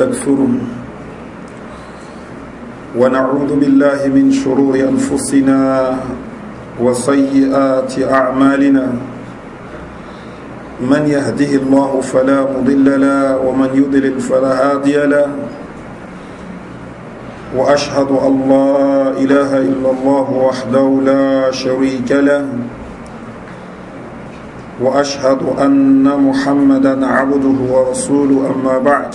تكفرون ونعوذ بالله من شرور أنفسنا وسيئات أعمالنا من يهده الله فلا مضل له ومن يضلل فلا هادي له وأشهد أن لا إله إلا الله وحده لا شريك له وأشهد أن محمدا عبده ورسوله أما بعد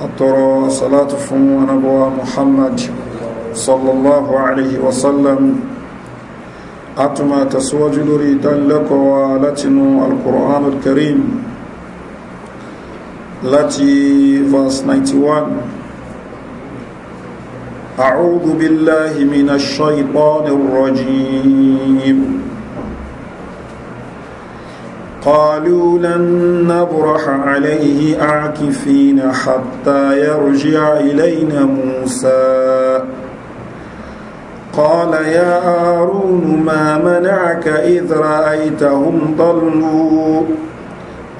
أطرى الصلاة فم ونبوى محمد صلى الله عليه وسلم أتما تسوج لري دلك ولتن القرآن الكريم التي verse 91 أعوذ بالله من الشيطان الرجيم قالوا لن نبرح عليه عاكفين حتى يرجع إلينا موسى قال يا هارون ما منعك إذ رأيتهم ضلوا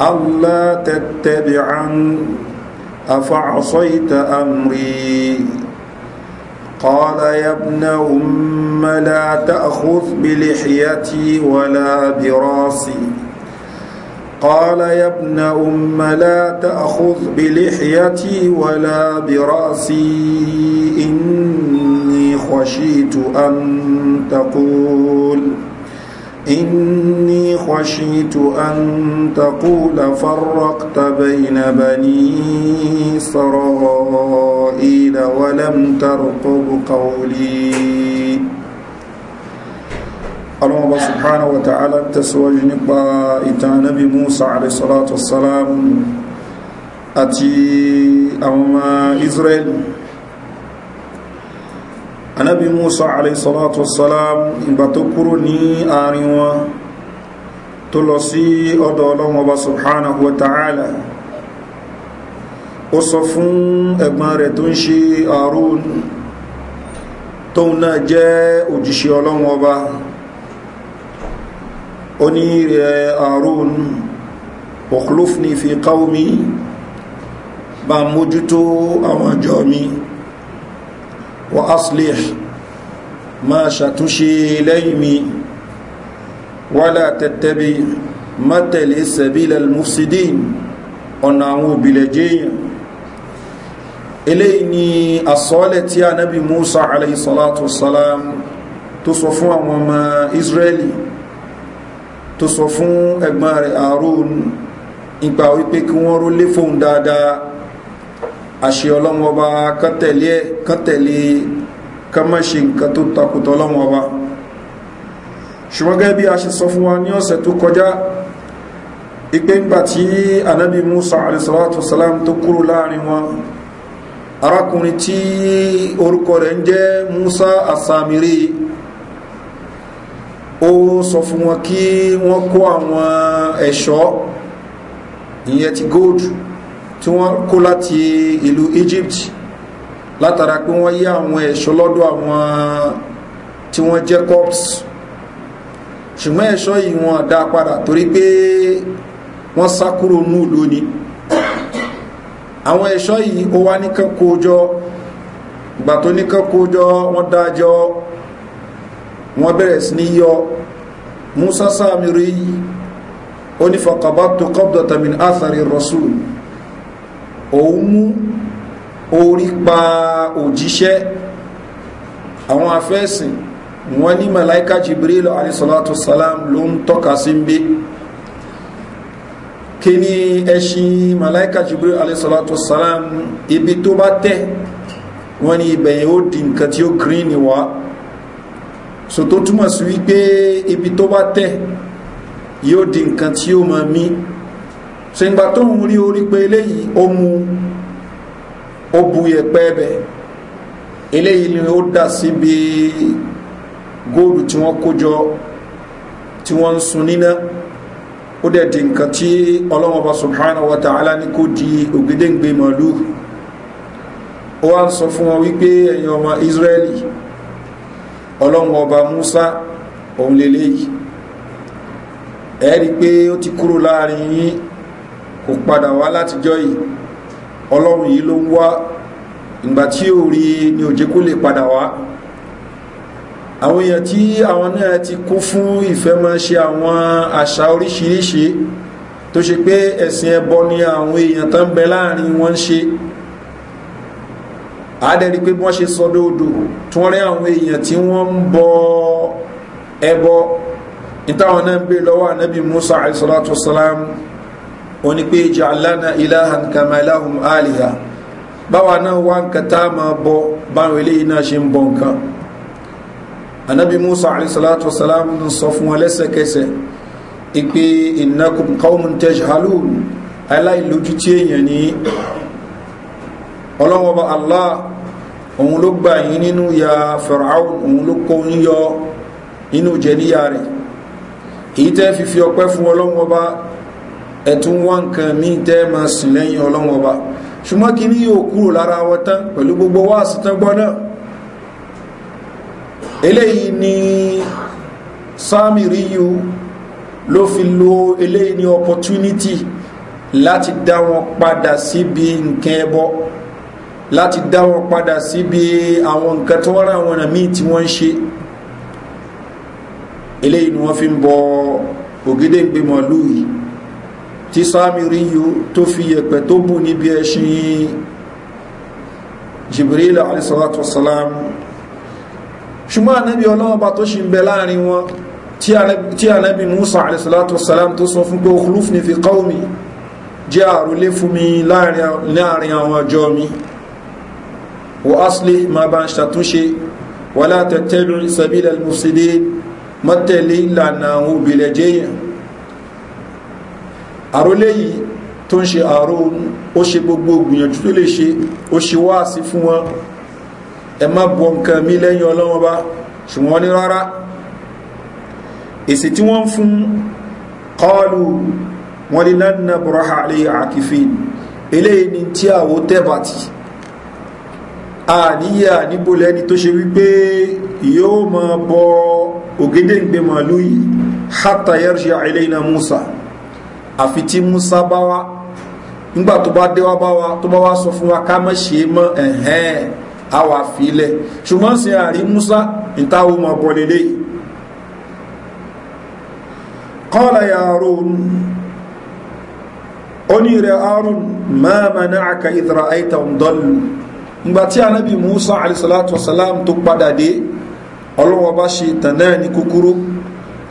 ألا تتبعا أفعصيت أمري قال يا ابن أم لا تأخذ بلحيتي ولا براسي قال يا ابن أم لا تأخذ بلحيتي ولا برأسي إني خشيت أن تقول إني خشيت أن تقول فرقت بين بني إسرائيل ولم ترقب قولي ọlọ́mọba subhanahu wa ta'ala tẹ̀síwájú nípa ìtàn anábì musa alayhi salatu wassalam àti àwọn ọmọ israel anábì musa alayhi salatu wassalam ìgbà tó kúrò ní àárín wọn tó lọ sí ọ̀dọ̀ ọlọ́mọba subhanahu wa ó sọ fún ẹ̀gbọ́n rẹ̀ tó ń ṣe àrùn tóun náà jẹ́ òjìṣẹ́ ọlọ́run onírẹ̀ àrùn ọ̀klófní fi káwọ́mí bá mójútó àwọn àjọ mi wọ́n aslẹ̀ máa ṣàtúnṣe lẹ́yìn mi wálà tẹ̀tẹ̀bí mátẹ̀lẹ̀ sẹ̀bílẹ̀ mufsidin ọ̀nà àwọn òbílẹ̀ jẹ́yàn eléyìí ni àsọ́ọ́lẹ̀ tí a nábi musa alayhisalatu salam tó sọ israeli tó sọ fún ẹ̀gbọ́n rẹ̀ Harun nípa wípé kí wọ́n rólé fóun dáadáa àṣẹ ọlọ́run ọba kán tẹ̀lé kán tẹ̀lé e, kán nǹkan tó takùtọ̀ ọlọ́run ọba ṣùgbọ́n bí a ṣe sọ fún wa ní ọ̀sẹ̀ tó kọjá ìpé ńgbà tí anábì Musa alìsàlátù salam tó kúrò láàrin wọn arákùnrin tí orúkọ rẹ̀ ń jẹ́ Musa asamiri ó sọ fún wọn kí wọ́n kó àwọn ẹ̀ṣọ́ ìyẹn ti gold tí wọ́n kó láti ìlú Egypt látara pé wọ́n yí àwọn ẹ̀ṣọ́ lọ́dọ̀ àwọn tí wọ́n jẹ́ cops ṣùgbọ́n ẹ̀ṣọ́ yìí wọ́n dá padà torí pé wọ́n sá kúrò ní ìlú ni àwọn ẹ̀ṣọ́ yìí ó wá ní kankan kójọ ìgbà tó ní kankan kójọ wọ́n dájọ́ wọ́n bẹ̀rẹ̀ sí yọ musa samiri ó ní faqabatu tamin athari rasul òun mú orí pa òjíṣẹ́ àwọn afẹ́sìn wọ́n ní malaika jibril alayhi salatu salam ló ń tọ́ka sí ń bí kí ẹṣin malaika jibril alayhi salatu salam ibi tó bá tẹ̀ wọ́n ní ibẹ̀yẹn ó di nǹkan tí ó green wá Soto tó túmọ̀ sí wípé ibi tó bá tẹ̀ yóò di nǹkan tí ó máa mí so ìgbà tó ń rí orí pé eléyìí ó mu ó bu yẹpẹ́ bẹ̀ eléyìí ni ó dà síbi góòlù tí wọ́n kó jọ tí wọ́n ń sun níná ó dẹ̀ di nǹkan tí ọlọ́wọ́n bá subhanahu wa ta'ala ní kó di ògédéǹgbé màlúù ó wá ń sọ fún wọn wípé ẹ̀yin ọmọ Israẹli ọlọ́run ọba musa òun lélẹ́ yìí ẹ rí i pé ó ti kúrò láàrin yín kò padà wá látijọ́ yìí ọlọ́run yìí ló ń wá ìgbà tí ò rí ni òjé kó lè padà wá àwọn èèyàn tí àwọn náà ti kún fún ìfẹ́ máa ṣe àwọn àṣà oríṣiríṣi tó ṣe pé ẹ̀sìn ẹbọ ni àwọn èèyàn tán bẹ láàrin wọn ṣe àádẹ́rí pé bí wọ́n ṣe sọ lóòdò tí wọ́n rí àwọn èèyàn tí wọ́n ń bọ ẹbọ ìtàwọn náà ń bè lọ́wọ́ ànábì musa àìsàlátù salam ó ní pé ja'alana ilahan kama lahum aliha báwa náà wá nǹkan tá a máa bọ báwọn eléyìí náà ṣe ń bọ nǹkan ànábì musa àìsàlátù salam ń sọ fún wọn lẹ́sẹ̀kẹsẹ̀ ìpè innakum qawmun tajhalun aláìlójútì èèyàn ní ọlọ́wọ́ bá allah òun ló gbà yín nínú ya Fáráò òun ló kó yín yọ inú jẹníyà rẹ̀ èyí tẹ́ fi fi ọpẹ́ fún ọlọ́run ọba ẹ̀tún wá nǹkan míì tẹ́ máa sìn lẹ́yìn ọlọ́run ọba ṣùgbọ́n kí ní yóò kúrò lára wọn tán pẹ̀lú gbogbo wáàsí tán gbọ́ náà eléyìí ni Sámíríyù ló fi lo eléyìí ni opportunity láti dá wọn padà síbi nǹkan ẹbọ. E láti dáwọ́ padà síbi àwọn nǹkan tó wára àwọn àmì tí wọ́n ń ṣe eléyìí ni wọ́n fi ń bọ ògédé gbé màálù yìí tí sáàmìrí yóò tó fi yẹ̀pẹ̀ tó bù níbi ẹṣin jibril alisalatu wasalam ṣùgbọ́n anábi ọlọ́ọ̀bá tó ṣe ń bẹ láàrin wọn tí anábi musa alisalatu wasalam tó sọ fún pé òkúlùfù ní fi kọ́ mi jẹ́ àrólé fún mi láàrin àwọn ọjọ́ mi wa aslih ma bá ń ṣàtúnṣe wà látẹ̀tẹ̀bìrin sabila al-mufsidi mọ́tẹ̀lé ìlànà àwọn obìnrin jẹ́yàn àrólé yìí tó ń ṣe àrò ó ṣe gbogbo gbìyànjú tó lè ṣe ó ṣe wáàsí fún wọn ẹ má mi lẹ́yìn ọlọ́wọ́n bá ṣùgbọ́n ní rárá èsì tí wọ́n fún kọlu wọn ni lánàá buraha alayhi akifin eléyìí ni tí àwọ tẹ́bàtì àníyà níbo lẹ́ni tó ṣe wípé yóò mọ bọ ògédéǹgbé màálù yìí hatta yarji ilayna Musa àfi tí Musa bá wá nígbà tó bá dé wá bá wa tó bá wá sọ fún wa ká má ṣe mọ́ ẹ̀hẹ́n àwa àfilẹ̀ ṣùgbọ́n sin àrí Musa ìtawó mọ̀ bọ̀ lélẹ́yìí qala ya Harun ó ní rẹ̀ Harun ma mana'aka idh ra'aytahum dallu ìgbà tí anábì musa alisalatu wasalam tó padà dé ọlọ́wọ́ bá ṣe tàn náà ní kúkúrú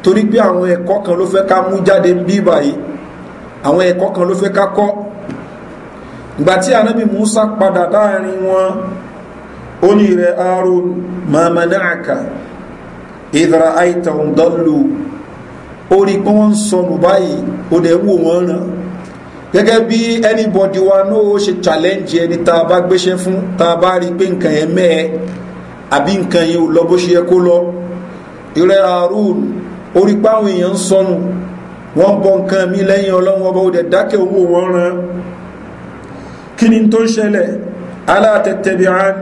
torí pé àwọn ẹ̀kọ́ kan ló fẹ́ ká mú jáde ń bí báyìí àwọn ẹ̀kọ́ kan ló fẹ́ ká kọ́ ìgbà tí anábì musa padà láàrin wọn ó ní rẹ̀ aaron mamanaaka ìdra aita ń dọ́lù ó pé wọ́n ń sọnù báyìí ó dẹ̀ wò wọ́n ràn gẹ́gẹ́ bí anybody wa náà ó ṣe challenge ẹni tá a bá gbéṣẹ́ fún tá a bá rí pé nǹkan yẹn mẹ́ẹ̀ àbí nǹkan yẹn ò lọ bó ṣe yẹ kó lọ ìrẹ́ra rúùlù orí páwọn èèyàn ń sọnù wọ́n bọ nǹkan mi lẹ́yìn ọlọ́run ọba ó dẹ̀ dákẹ́ owó wọn ran kí ni tó ń ṣẹlẹ̀ alátẹ̀tẹ̀bìrán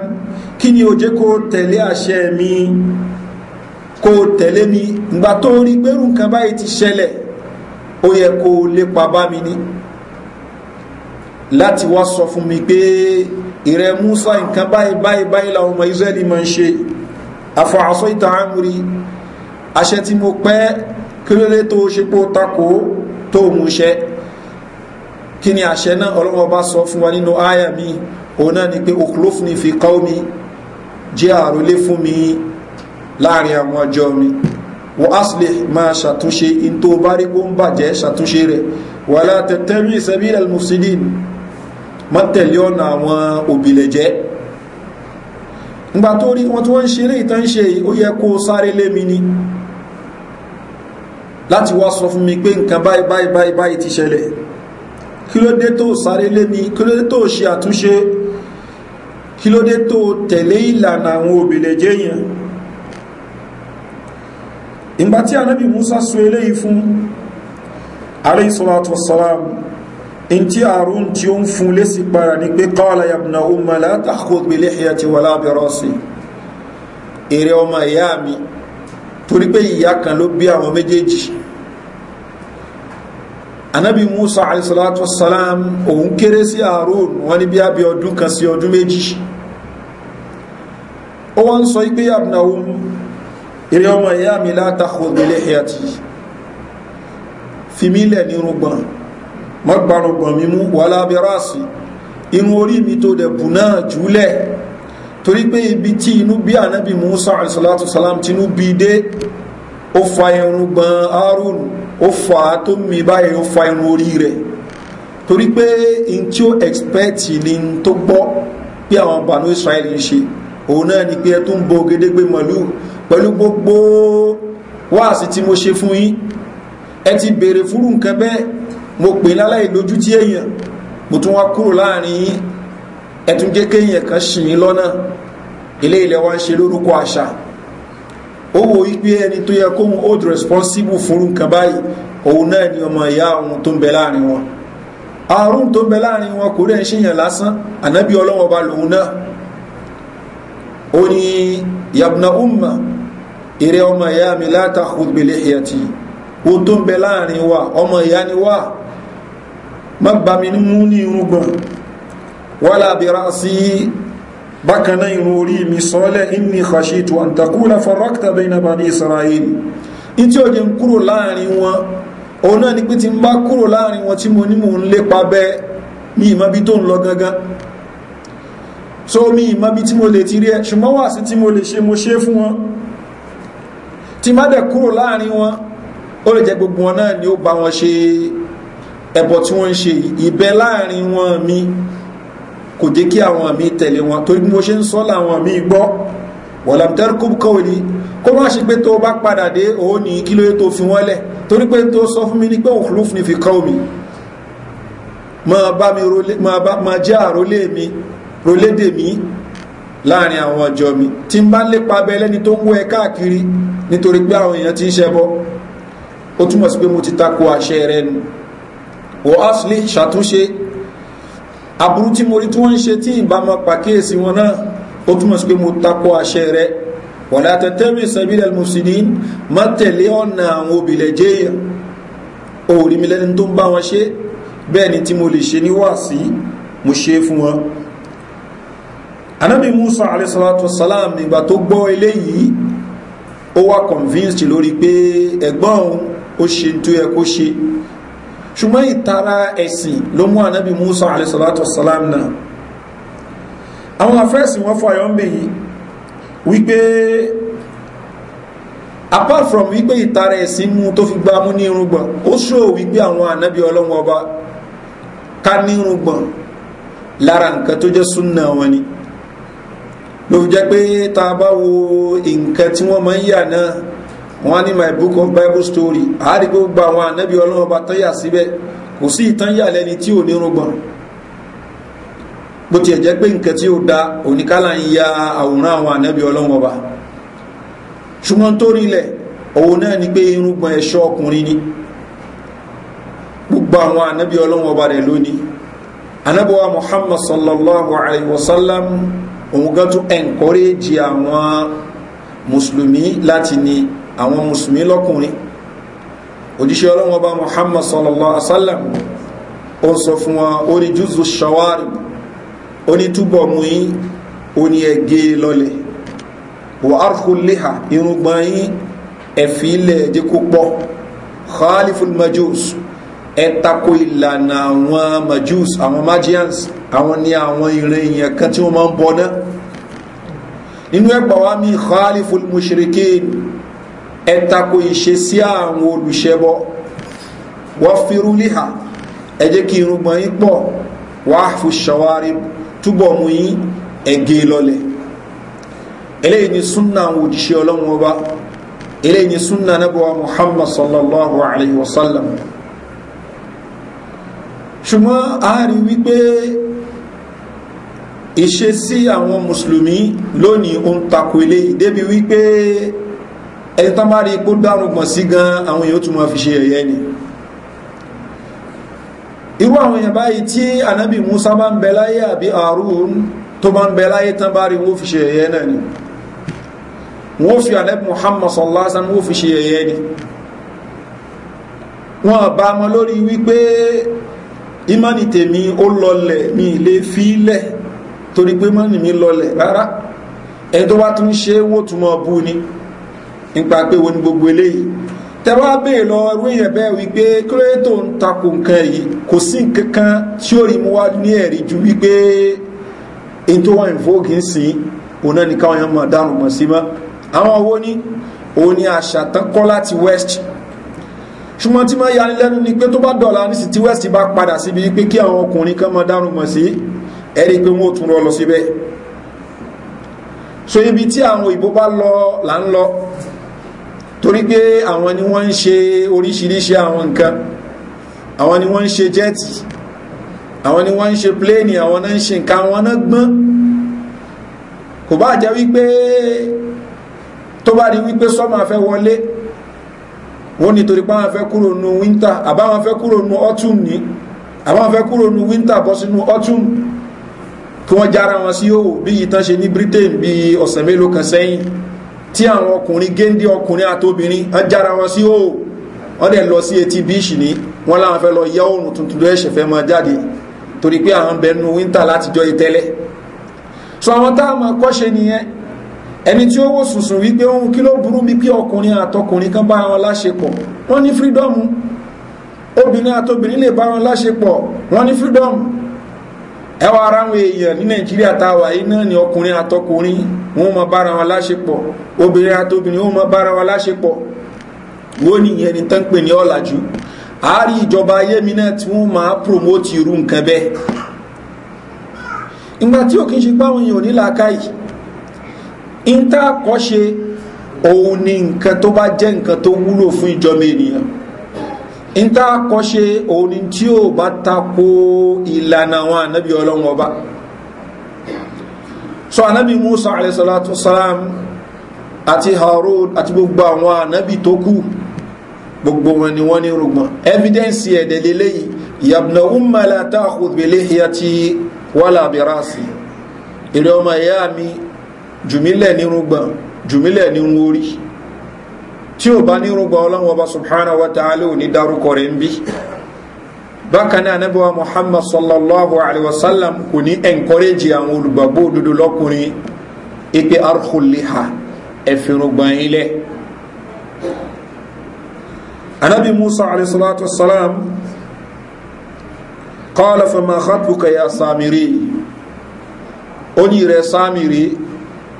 kí ni òjé jẹ́ kó tẹ̀lé àṣẹ mi kó tẹ̀lé mi ìgbà tó rí gbérù nǹkan báyìí ti ṣẹlẹ̀ ó yẹ kó lépa bá mi ni. láti wá sọ fún mi pé ìrẹ musa nǹkan báyìí báyìí báyìí làwọn ọmọ israẹli máa ń ṣe afọ́asọ́ ìta àmúrí aṣẹ tí mo pẹ́ kílólé tó ṣe pé ó takò tó múṣẹ kí ni àṣẹ náà ọlọ́wọ́ bá sọ fún wa nínú àyà mi òun náà ni pé òkúlófin fi kọ́ mi jẹ́ àrólé fún mi láàrin àwọn ọjọ́ mi wọ́n asìlè máa ṣàtúnṣe in tó bá rí pé ń bàjẹ́ ṣàtúnṣe rẹ̀ wà látẹ̀tẹ̀rí ìsẹ̀bí ẹ̀lmùsílìn má tẹ̀lé ọ̀nà àwọn òbílẹ̀ jẹ́ ńgbà tó rí wọn tí wọ́n ń ṣe eré ìtàn ṣe ó yẹ kó sáré lé mi ni láti wá sọ fún mi pé nǹkan báyìí báyìí báyìí báyìí ti ṣẹlẹ̀ kí ló dé tó sáré lé mi kí ló dé tó ṣe àtúnṣe kí ló dé tó tẹ̀lé ìlànà àwọn òbílẹ̀ jẹ́ yẹn ìgbà tí anábì Musa sọ eléyìí fún alayhi salatu wassalam in ti àrùn tí ó ń fún lésì para ní pé qala ya ibna umma la takhud bi lihyati wala bi rasi èrè ọmọ ìyá mi torí pé ìyá kan ló bí àwọn méjèèjì anabi musa alayhisalatu wasalam òun kéré sí àrùn wọn ni bí a kan sí ọdún méjì ó wọ́n ń sọ ipé ya ibna umma èrè ọmọ ìyá mi la takhud bi lihyati fìmílẹ̀ nírúgbọ̀n mọ́gbàrúgbọ̀n mi mú wàhálà abẹ́rọ́sì inú orí mi tó dẹ̀ bù náà jùlẹ̀ torí pé ibi tí inú bí ànábì musa àìsàlátù salam tinú bí dé ó fa irun gbọ̀n arun ó fa tó mi báyìí ó fa irun orí rẹ̀ torí pé in tí ó ẹ̀xpẹ́tì ni tó gbọ́ pé àwọn bànú israẹli ń ṣe òun náà ni pé ẹ tó ń bo gédégbé mọ̀lú pẹ̀lú gbogbo wáàsí tí mo ṣe fún yín ẹ ti béèrè fúrú nǹkan bẹ́ẹ̀ mo pè ní aláìlójú tí èèyàn mo tún wá kúrò láàrin yín ẹtún jẹ́ kéèyàn kan ṣì yín lọ́nà ilé ilẹ̀ wa ń ṣe lórúkọ àṣà ó wo wípé ẹni tó yẹ kóhun old responsible fún nǹkan báyìí òun náà ni ọmọ ìyá òun tó ń bẹ láàrin wọn àrùn tó ń bẹ láàrin wọn kò rẹ̀ ń ṣèyàn lásán ànábì ọlọ́wọ́ ba lòun náà ó ní yabna umma eré ọmọ ìyá mi la takhud bi lihiyati tó ń bẹ láàrin wa ọmọ ìyá ni wà má bá mi mú ní irúgbọ̀n wala bi ra'si bákaná irun orí mi sọ́lẹ̀ inni khashitu an takuna farrakta bayna bani israel in tí ó jẹ́ ń kúrò láàrin wọn òun náà ni pé ti ń bá kúrò láàrin wọn tí mo ní mò ń lépa bẹ́ mi ìmọ́bí tó ń lọ gangan so mi ìmọ́bí tí mo lè ti rí ẹ ṣùgbọ́n wà sí tí mo lè ṣe mo ṣe fún wọn tí má dẹ̀ kúrò láàrin wọn ó lè jẹ́ gbogbo wọn náà ni ó bá wọn ṣe ẹbọ tí wọ́n ń ṣe ìbẹ láàrin wọn mi kò jẹ́ kí àwọn mi tẹ̀lé wọn torí bí mo ṣe ń sọ làwọn mi gbọ́ wọ̀làm tẹ́rùkù kọ́wìlì kó má ṣe pé tó bá padà dé òun ní kí lóye tó fi wọ́n lẹ̀ torí pé tó sọ fún mi ní pé òfurufú ni fi kọ́ mi máa bá mi rólé máa bá máa jẹ́ àrólé mi rolédè mi láàrin àwọn ọjọ́ mi tí n bá lépa abẹ́lẹ́ ni tó ń wọ ẹ káàkiri nítorí pé àwọn èèyàn ti ń ṣẹbọ ó túmọ̀ sí pé mo ti tako àṣẹ rẹ nu wọ́n asìlẹ̀ ṣàtúnṣe aburú tí mo rí tí wọ́n ń ṣe tí ìbámu pàkíyèsí wọn náà ó túmọ̀ sí pé mo takò àṣẹ rẹ̀ wọ́n láti tẹ́bí sẹ́bílẹ̀ mùsùlùmí má tẹ̀lé ọ̀nà àwọn obìnrin jẹ́ òòrì mi lẹ́ni tó ń bá wọn ṣe bẹ́ẹ̀ ni tí mo lè ṣe ní wàásí mo ṣe fún wọn anábì musa alẹ́sàlátù salam nígbà tó gbọ́ eléyìí ó wà convinced lórí pé ẹ̀gbọ́n ó ṣe tó yẹ kó ṣe Shuma ṣùgbọ́n ìtara ẹ̀sìn ló mú ànábì musa alaihissalatu wassalam náà àwọn afẹ́sìn wọ́n fọ àyọ́ ń bè yìí wípé apart from wípé itara ẹ̀sìn mú tó fi gbámú ní irúgbọ̀n o ṣó wípé àwọn ànábì ọlọ́wọ́n ọba ká ní irúgbọ̀n lára nǹkan tó jẹ́ súnà wọn ni ló fi jẹ́ pé tá a bá wo nǹkan tí wọ́n máa ń yà wọ́n ní my book of bible story àárí gbogbo àwọn ànábì ọlọ́run bá tán yà síbẹ̀ kò sí ìtàn yà lẹ́ni tí ò ní rúgbọ̀n bó tiẹ̀ jẹ́ pé nǹkan tí ó da oníkálà ń ya àwòrán àwọn ànábì ọlọ́run ọba ṣùgbọ́n tó rílẹ̀ òun náà ni pé irúgbọ̀n ẹ̀ṣọ́ ọkùnrin ni gbogbo àwọn ànábì ọlọ́run ọba rẹ̀ lónìí anabuwa muhammad sallallahu alaihi wasallam òun gan tún encourage àwọn mùsùlùmí láti ní àwọn mùsùlùmí lọ́kùnrin òjíṣẹ́ ọlọ́wọ́n bá muhammad sallallahu alaihi wasallam ó ń sọ fún wọn ó ní jùzù shawari ó ní túbọ̀ mú yín ó ní ẹgẹ́ e lọ́lẹ̀ wà arhuliha irùngbọ̀n yín ẹ̀fì ilẹ̀ ẹ̀jẹ̀ kó pọ̀ khaliful majus ẹ̀tako ìlànà àwọn majus àwọn magians àwọn ní àwọn ìrìn èèyàn kan tí wọ́n máa ń bọ náà nínú ẹgbàá wa mi khaliful mushrikin E tako ìṣesí àwọn olùṣẹbọ wọ́n firú líhà ẹ jẹ́ kí irùngbọ̀n yín pọ̀ wàá fi ṣàwárí túbọ̀ mú yín ẹ̀gẹ́ e lọ́lẹ̀ eléyìí ni súnà àwọn ọlọ́run ọba eléyìí muhammad sallallahu alayhi wa sallam ṣùgbọ́n a rí wípé ìṣesí àwọn mùsùlùmí lónìí ń tako eléyìí débi wípé ẹni tán bá rí ipò dárùn gbọ̀n sí gan àwọn èèyàn tún máa fi ṣe ẹ̀yẹ ni irú àwọn èèyàn báyìí tí anábì musa bá ń bẹ láyé àbí àrùn tó bá ń bẹ láyé tán bá rí wọ́n fi ṣe ẹ̀yẹ náà ni wọ́n fi anábì muhammad sallallahu alaihi wasallam wọ́n fi ṣe ẹ̀yẹ ni wọn bá mọ lórí wípé ìmánì tèmi ó lọlẹ̀ mi lè fílẹ̀ torí pé ìmánì mi lọlẹ̀ rárá ẹni tó bá tún ṣe wó túnmọ̀ bú ni nípa pé wo ni gbogbo eléyìí tẹ́wọ́ bèè lọ irú èèyàn bẹ́ẹ̀ wípé kílódétò ń takò nǹkan yìí kò sí nǹkan kan tí ó rí mú wá ní ẹ̀rí ju wípé in tó wọ́n ìfowókì ń sìn òun náà ní káwọn èèyàn mọ̀ dànù mọ̀ sí mọ́ àwọn owó ní òun ni àṣà tán kọ́ láti west ṣùgbọ́n tí máa yanilẹ́nu ni pé tó bá dọ̀la nísì tí west bá padà síbi pé kí àwọn ọkùnrin kan mọ̀ dànù mọ̀ sí ẹ̀rí pé wọ́n ò tún lọ lọ síbẹ̀ so ibi tí àwọn òyìnbó bá lọ là ń lọ torí pé àwọn ni wọ́n ń ṣe oríṣiríṣi àwọn nǹkan àwọn ni wọ́n ń ṣe jẹ́ẹ̀tì àwọn ni wọ́n ń ṣe pléènì àwọn náà ń ṣe nǹkan àwọn náà gbọ́n kò bá jẹ́ wípé tó bá rí wípé sọ́mà fẹ́ wọlé wọ́n nítorí pé àwọn fẹ́ kúrò nu wíńtà àbáwọn fẹ́ kúrò nu autumn ní àbáwọn fẹ́ kúrò nu wíńtà bọ́ sínú autumn kí wọ́n jára wọn sí yóò bí ìtàn ṣe ní Britain bí ọ̀sẹ̀ mélòó kan sẹ́yìn tí àwọn ọkùnrin géńdé ọkùnrin àtobìnrin ń jára wọn sí òò wọ́n dẹ̀ lọ sí etí bíṣì ní wọ́n láwọn fẹ́ lọ yẹ oòrùn tuntun ló ẹ̀ṣẹ̀ fẹ́ mọ jáde torí pé àwọn bẹ nu wíńtà látijọ́ ìtẹ́lẹ̀ so àwọn tá a mọ kọ́ṣe nìyẹn ẹni tí ó wò sùnsùn wípé ohun kí ló burú mi pé ọkùnrin àtọkùnrin kan bá wọn láṣepọ̀ wọ́n ní fírídọ́ọ̀mù obìnrin àtobìnrin lè bá wọn láṣepọ̀ wọ́n ní fírídọ́ọ̀mù ẹ wá èèyàn ní nàìjíríà tá a wà yìí náà ni ọkùnrin àtọkùnrin wọn mọ bára wọn láṣepọ̀ obìnrin àtobìnrin wọn mọ bára wọn láṣepọ̀ wọn nìyẹn ni tán pè ní ọ̀làjú àárí ìjọba ayé mi náà tí wọn máa promote irú nǹkan bẹ́ẹ̀ ìgbà tí òkè ń ṣe páwọn èèyàn ní làákàyè ń tá a kọ́ ṣe òun ni nǹkan tó bá jẹ́ nǹkan tó wúlò fún ìjọba ènìyàn ń tá a kọ́ ṣe òun ni tí ó bá tako ìlànà so ànábì musa alayhisalatu salam ati harun ati gbogbo àwọn ànábì tó kù gbogbo wọn ni wọ́n ní rògbọ̀n evidence ẹ̀dẹ̀ lélẹ́yìí yabna umma la ta'khudh bi lihiyati wala bi rasi èrè ọmọ ìyá mi jùmílẹ̀ nírúgbọ̀n jùmílẹ̀ nírú orí tí ò bá ní rúgbà ọlọ́run ọba subhanahu wa ta'ala ò ní dárúkọ rẹ̀ ń bí bákan náà Ànábì wa muhammad sallallahu alaihi wasallam kò ní encourage àwọn olùgbàgbọ́ òdodo lọ́kùnrin ipe arhuliha ẹ̀fìrúgbà ilẹ̀ anabi musa alaihi salatu wasalam qala fama khatbuka ya samiri ó samiri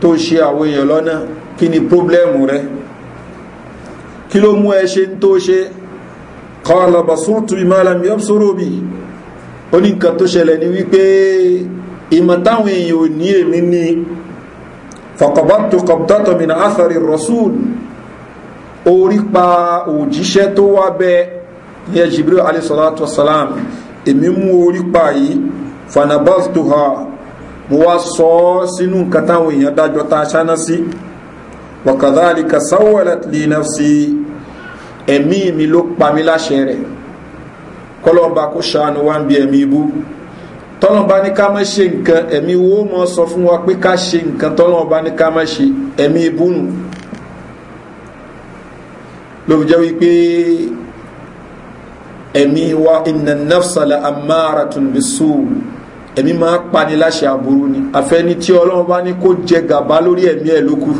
tó ṣe àwọn èèyàn lọ́nà kí ni pọ́blẹ́mù rẹ̀ kí ló mú ẹ ṣe ń tó ṣe qala basurtu bima lam yabsuru bi ó ní nǹkan tó ṣẹlẹ̀ ni wípé ìmọ̀ èèyàn ò ní èmi ní faqabattu qabdatan min athari rasul orí pa òjíṣẹ́ tó wá bẹ́ẹ̀ ní Jibril alayhi salatu wassalam èmi mú orí pa yìí fanabaztuha mo wá sọ sínú nǹkan táwọn èèyàn dájọ́ ta ṣáná sí wakadhalika sawalat li nafsi ẹ̀mí mi ló pa mí láṣẹ rẹ̀ kọlọ́ba kó ṣàánú wá ń bí ẹ̀mí ibú tọ́lọ́ba ní ká má ṣe nǹkan ẹ̀mí wo mọ́ sọ fún wa pé ká ṣe nǹkan tọ́lọ́ba ní ká má ṣe ẹ̀mí ibú nù ló jẹ́ wípé ẹ̀mí wa inna nafsa la ammaratun bisu ẹ̀mí máa pani láṣẹ aburú ni àfẹ́ni tí ọlọ́run ní kó jẹ gàba lórí ẹ̀mí ẹ̀ lókù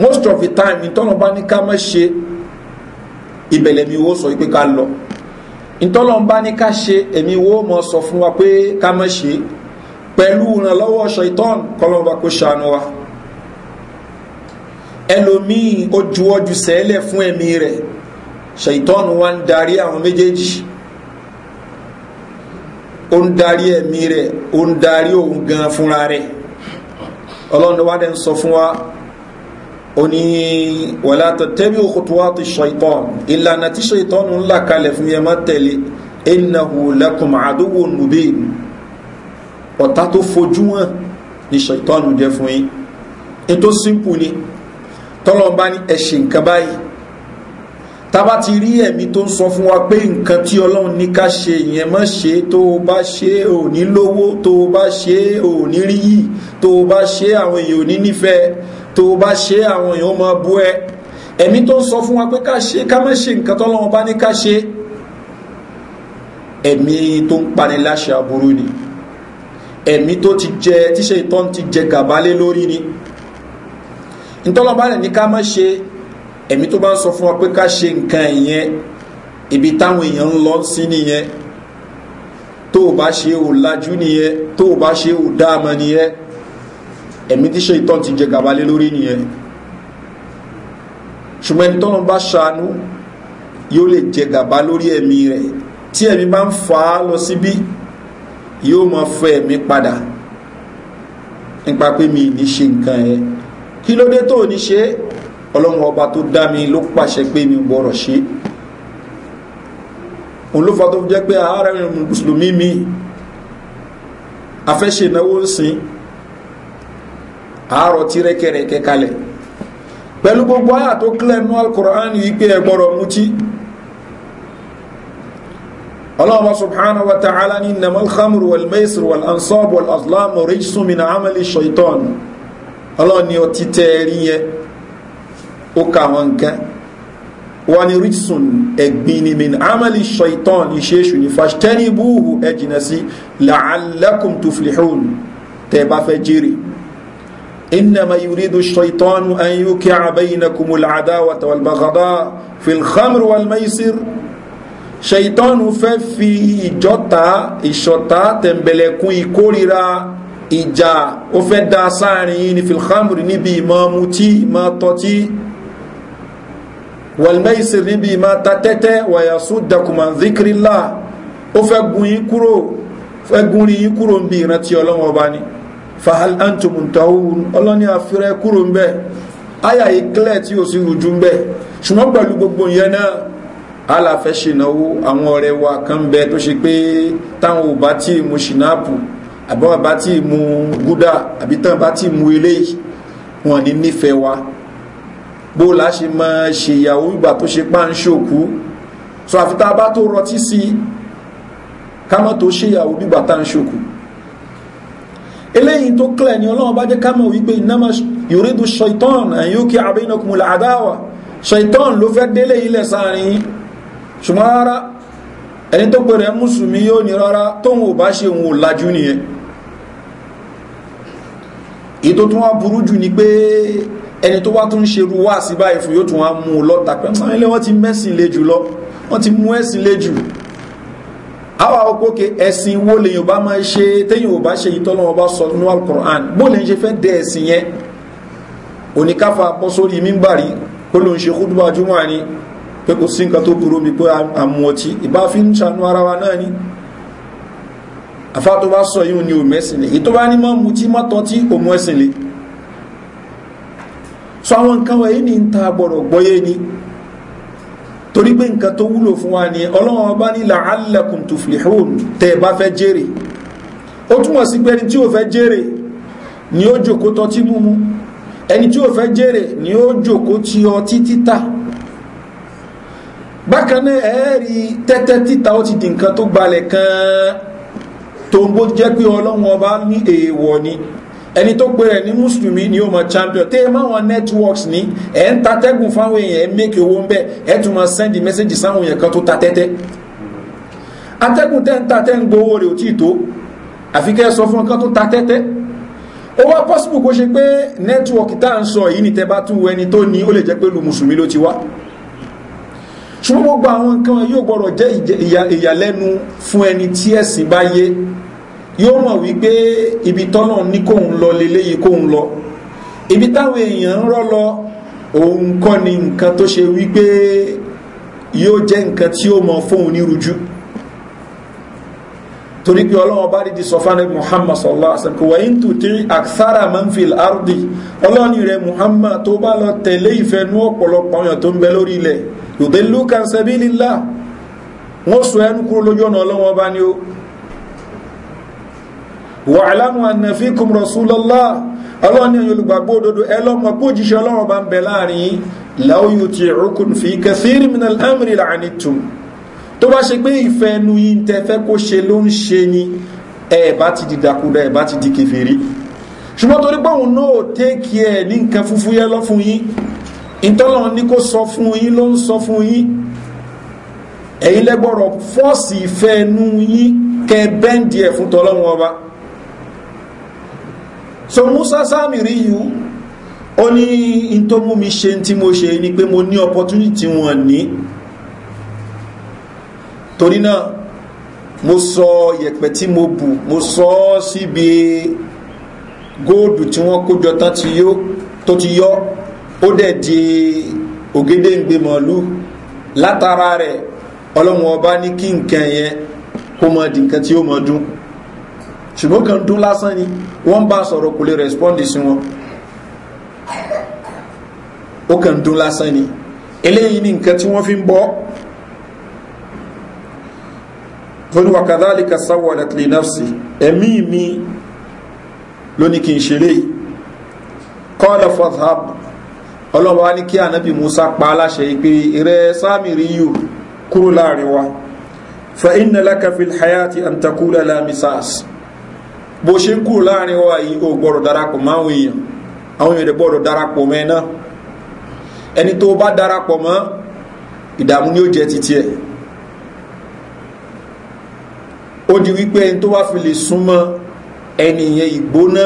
most of the time ìtọ́nà bá ní ká má ṣe ìbẹ̀lẹ̀ mi wo sọ pé ká lọ ìtọ́nà bá ní ká ṣe èmi wo mọ̀ sọ fún wa pé ká má ṣe pẹ̀lú ìrànlọ́wọ́ ṣaitan kọlọ́ba kó ṣàánú wa ẹlòmíì ó juwọ́jú sẹ́lẹ̀ fún ẹ̀mí rẹ̀ ṣaitan wa ń darí àwọn méjèèjì ó ń darí ẹ̀mí rẹ̀ ó ń darí òun gan fúnra rẹ̀ ọlọ́run wa dẹ̀ sọ fún wa oni wala tattabi'u khutuwati shaitan ìlànà tí shaitan ń là kalẹ̀ fún yẹn má tẹ̀lé innahu lakum aduwwun mubin ọ̀tá tó fojú wọn ni shaitan jẹ́ fún yín in tó simple ni tọ́lọ́mbá ní ẹ̀ṣìn nǹkan báyìí tába ti rí ẹ̀mí tó ń sọ fún wa pé nǹkan tí ọlọ́run ní ká ṣe ìyẹn má ṣe tó o bá o bá ṣe ò ní rí yìí tó o bá ṣe àwọn èèyàn ò ní nífẹ̀ẹ́ tó bá ṣe àwọn èèyàn máa bú ẹ ẹ̀mí tó ń sọ fún wa pé ká ṣe ká má ṣe nǹkan tọ́lọ́run bá ní ká ṣe ẹ̀mí tó ń pani láṣẹ aburú ni ẹ̀mí tó ti jẹ tíṣe ìtọ́n ti jẹ gàbálé lórí ni ntọ́lọ́run bá rẹ̀ ní ká má ṣe ẹ̀mí tó bá ń sọ fún wa pé ká ṣe nǹkan ìyẹn ibi táwọn èèyàn ń lọ sí nìyẹn tó o bá ṣe ò lajú nìyẹn tó o bá ṣe ò dáàmọ nìyẹn ẹ̀mí tí ṣe ìtọ́ ti jẹ gàbalé lórí nìyẹn ṣùgbọ́n ẹni tọ́nà bá ṣàánú yóò lè jẹ gàba lórí ẹ̀mí rẹ̀ tí ẹ̀mí bá ń fà á lọ síbí yóò mọ fẹ ẹ̀mí padà nípa pé mi ní ṣe nǹkan ẹ̀ kí ló dé tó ní ṣe ọlọ́run ọba tó dá mi ló pàṣẹ pé mi gbọ́rọ̀ ṣe òun ló fa tó jẹ́ pé ààrẹ mùsùlùmí mi afẹ́ṣe ìnáwó ń sìn àárọ̀ tí rẹ́kẹrẹkẹ kalẹ̀ pẹ̀lú gbogbo àyà tó kílẹ̀ nú alukur'an yìí pé ẹ gbọ́dọ̀ mutí Allah subhanahu wa ta'ala ní innamal khamru wal maisir wal ansab wal azlam rijsun min amali shaitan Allah ni ọtí tẹ́ẹ̀rí yẹn ó ka wọn nǹkan wọn ni rijsun ẹ̀gbin ni min amali shaitan iṣẹ́ ni fajtanibuhu ẹ jìnà sí la'allakum tuflihun tẹ́ẹ̀ bá fẹ́ jèrè إنما يريد الشيطان أن يوقع بينكم العداوة والبغضاء في الخمر والميسر ṣèitọ́nù fẹ́ fi ìjọta ìṣọ̀ta tẹ̀m̀bẹ̀lẹ̀kún ìkórira ìjà ó fẹ́ da sáàrin yìí ní filhamri níbi ìmọ̀ mutí ìmọ̀ tọ́tí wàlmẹ́ìsìr níbi ìmọ̀ tatẹ́tẹ́ wàyàsú dàkùmà zikrillah ó fẹ́ gun yín kúrò fẹ́ gun yín kúrò ń bí ìrántí ọlọ́wọ́ ọba ni fahal antum muntahun ọlọ́ni àfihàn kúrò ń bẹ́ àyà ìkílẹ̀ tí ó sì rújú ń bẹ́ ṣùgbọ́n pẹ̀lú gbogbo yẹn náà aláfẹ́ ṣìnáwó àwọn ọ̀rẹ́ wa kan ń bẹ tó ṣe pé táwọn ò bá mu ṣìnáàpù àbí wọn bá tí mu gúdà àbí tán bá tí mu eléyìí wọn ní nífẹ̀ẹ́ wa bó la ṣe máa ṣèyàwó ìgbà tó ṣe pá ń ṣòkú sọ àfi tá a bá tó rọtí sí i ká má tó ṣèyàwó ìgbà tá ń ṣòkú eléyìí tó kílẹ̀ ni ọlọ́run bá jẹ́ ká mọ̀ wípé innama yuridu shaitan an yuqi'a bainakumul adawa shaitan ló fẹ́ délé ilẹ̀ sáàrin yìí ṣùgbọ́n rárá ẹni tó pèrè mùsùlùmí yóò ní rárá tóun ò bá ṣe òun ò lajú nìyẹn èyí tó tún wá burú jù ni pé ẹni tó wá tún ṣerú wá sí báyìí fún yóò tún wá mú un lọ́ta pẹ́ ilé wọ́n ti mẹ́sìn le jù lọ wọ́n ti mú ẹ̀sìn le jù àwa òkòkè ẹ̀sìn wo lèyìn bá máa ṣe téyìn ò bá ṣe yìí tọ́lọ́wọ́ bá sọ nínú alukur'an bó lè ṣe fẹ́ dẹ ẹ̀sìn yẹn oníkáfà bọ́ sórí mímbàrí kó ló ń ṣe kúdùbà júmọ́ ni pé kò sí nǹkan tó burú mi pé àmú ọtí ìbá fi ń ṣàánú ara wa náà ni àfa tó bá sọ yìí ni ò mẹ́sìn lè ètò bá ní mọ́ mu tí mọ́tọ́ tí ẹ̀sìn lè sọ àwọn nǹkan wọ̀nyí ni ń ta gbọ́dọ̀ gbọ́yé ni torí pé nǹkan tó wúlò fún wa ni ọlọ́run ọba ní la'allakum tuflihun tẹ́ ẹ bá fẹ́ jèrè ó túmọ̀ sí pé ẹni tí ò fẹ́ jèrè ni ó jòkó tọ́ tí múmú ẹni tí ò fẹ́ jèrè ni ó jòkó tí ọtí títà bákan ẹ̀ẹ́rì tẹ́tẹ́ títà ó ti di nǹkan tó gbalẹ̀ kan tó ń bó jẹ́ pé ọlọ́run ọba ní èèwọ̀ ni, ẹni tó pe rẹ̀ ní mùsùlùmí ni ó mọ champion tẹ́ ẹ máa wọn networks ní ẹ̀ ń tatẹ́gùn fáwọn èèyàn ẹ̀ mẹ́kẹ̀ owó ń bẹ̀ ẹ̀ tún máa send message sáwọn èèyàn kan tó ta tẹ́tẹ́ atẹ́gùn tẹ́ ń ta tẹ́ ń gbowó rẹ̀ ò tí ì tó àfi kẹ́ ẹ sọ fún ọkàn tó ta tẹ́tẹ́ ó wá possible kó ṣe pé nẹ́tíwọ̀kì tá à ń sọ yìí ni tẹ́ bá tún wo ẹni tó ní ó lè jẹ́ pé lu mùsùlùmí ló ti wá ṣùgbọ́n gbogbo àwọn nǹkan yóò gbọ́dọ̀ jẹ́ ìyàlẹ́nu fún ẹni tí ẹ̀sìn bá yé yóò mọ̀ wípé ibi tọ́nà ní kóun lọ leléyìí kóun lọ ibi táwọn èèyàn ń rọ́ lọ òun kọ́ ni nǹkan tó ṣe wípé yóò jẹ́ nǹkan tí ó mọ fóun nírújú torí pé ọlọ́wọ́ bá dìdí sọ fánà muhammad sallallahu alaihi wasallam wa in tuti akthara man fil ardi ọlọ́ni rẹ̀ muhammad tó bá lọ tẹ̀lé ìfẹ́nú ọ̀pọ̀lọpọ̀ ọyàn tó ń bẹ lórí ilẹ̀ yudilluka an sabilillah sọ ẹnu kúrò lójú ọ̀nà ọlọ́wọ́ bá ní ó wà alámù ànàfíkùn rọ̀súlọ́lá ọlọ́ni olùgbàgbọ́ òdodo ẹlọ́mọ pójíṣẹ́ ọlọ́run bá ń bẹ láàrin láòyù ti rúkùn fi kẹfìrí min al'amri la'anitum tó bá ṣe pé ìfẹ́ ẹnu yìí tẹfẹ́ kó ṣe ló ń ṣe ni ẹ bá ti di dàkúdà ẹ bá ti di kẹfìrí ṣùgbọ́n torí pé òun náà tẹ́kì ẹ̀ ní nǹkan funfun yẹ lọ fún yín ìtọ́lọ̀ ní kó sọ fún yín ló ń sọ fún yín ẹ̀yin lẹ́gbọ́rọ̀ fọ́ọ̀sì ìfẹ́ ẹnu yín kẹ bẹ́ǹdì ẹ̀ fún tọ́lọ́run ọba so musa samiri yu ó ní in tó mú mi ṣe tí mo ṣe ni pé mo ní opportunity wọn ní torí náà mo sọ yẹ̀pẹ̀ tí mo bù mo sọ ọ́ síbi góòdù tí wọ́n kójọ tán tó ti yọ́ ó dẹ̀ di ògédéǹgbé mọ̀lú látara rẹ̀ ọlọ́run ọba ní kí nǹkan yẹn kó mọ di nǹkan tí ó mọ dún ṣùgbọ́n kan dún lásán ni wọ́n bá sọ̀rọ̀ kò lè rẹ̀spọ́ndì sí wọn ó kàn dún lásán ni eléyìí ni nǹkan tí wọ́n fi ń bọ́ fún wa kadhalika sawwalat li nafsi ẹ̀mí mi lóní kì í ṣe lè qala ọlọ́wọ́ ní kí ànábì Musa pa aláṣẹ ìpè rẹ̀ sáàmì rí yù kúrò láàrin wa fa inna laka fil hayati an taqula la misas bó ṣe ń kúrò láàrin wa yìí o gbọ́dọ̀ darapọ̀ mọ́ àwọn èèyàn àwọn èèyàn gbọ́dọ̀ darapọ̀ mọ́ ẹ náà ẹni tó bá darapọ̀ mọ́ ìdààmú ni ó jẹ́ títí ẹ̀ ó di wípé ẹni tó wá fi lè súnmọ́ ẹni yẹn ìgbóná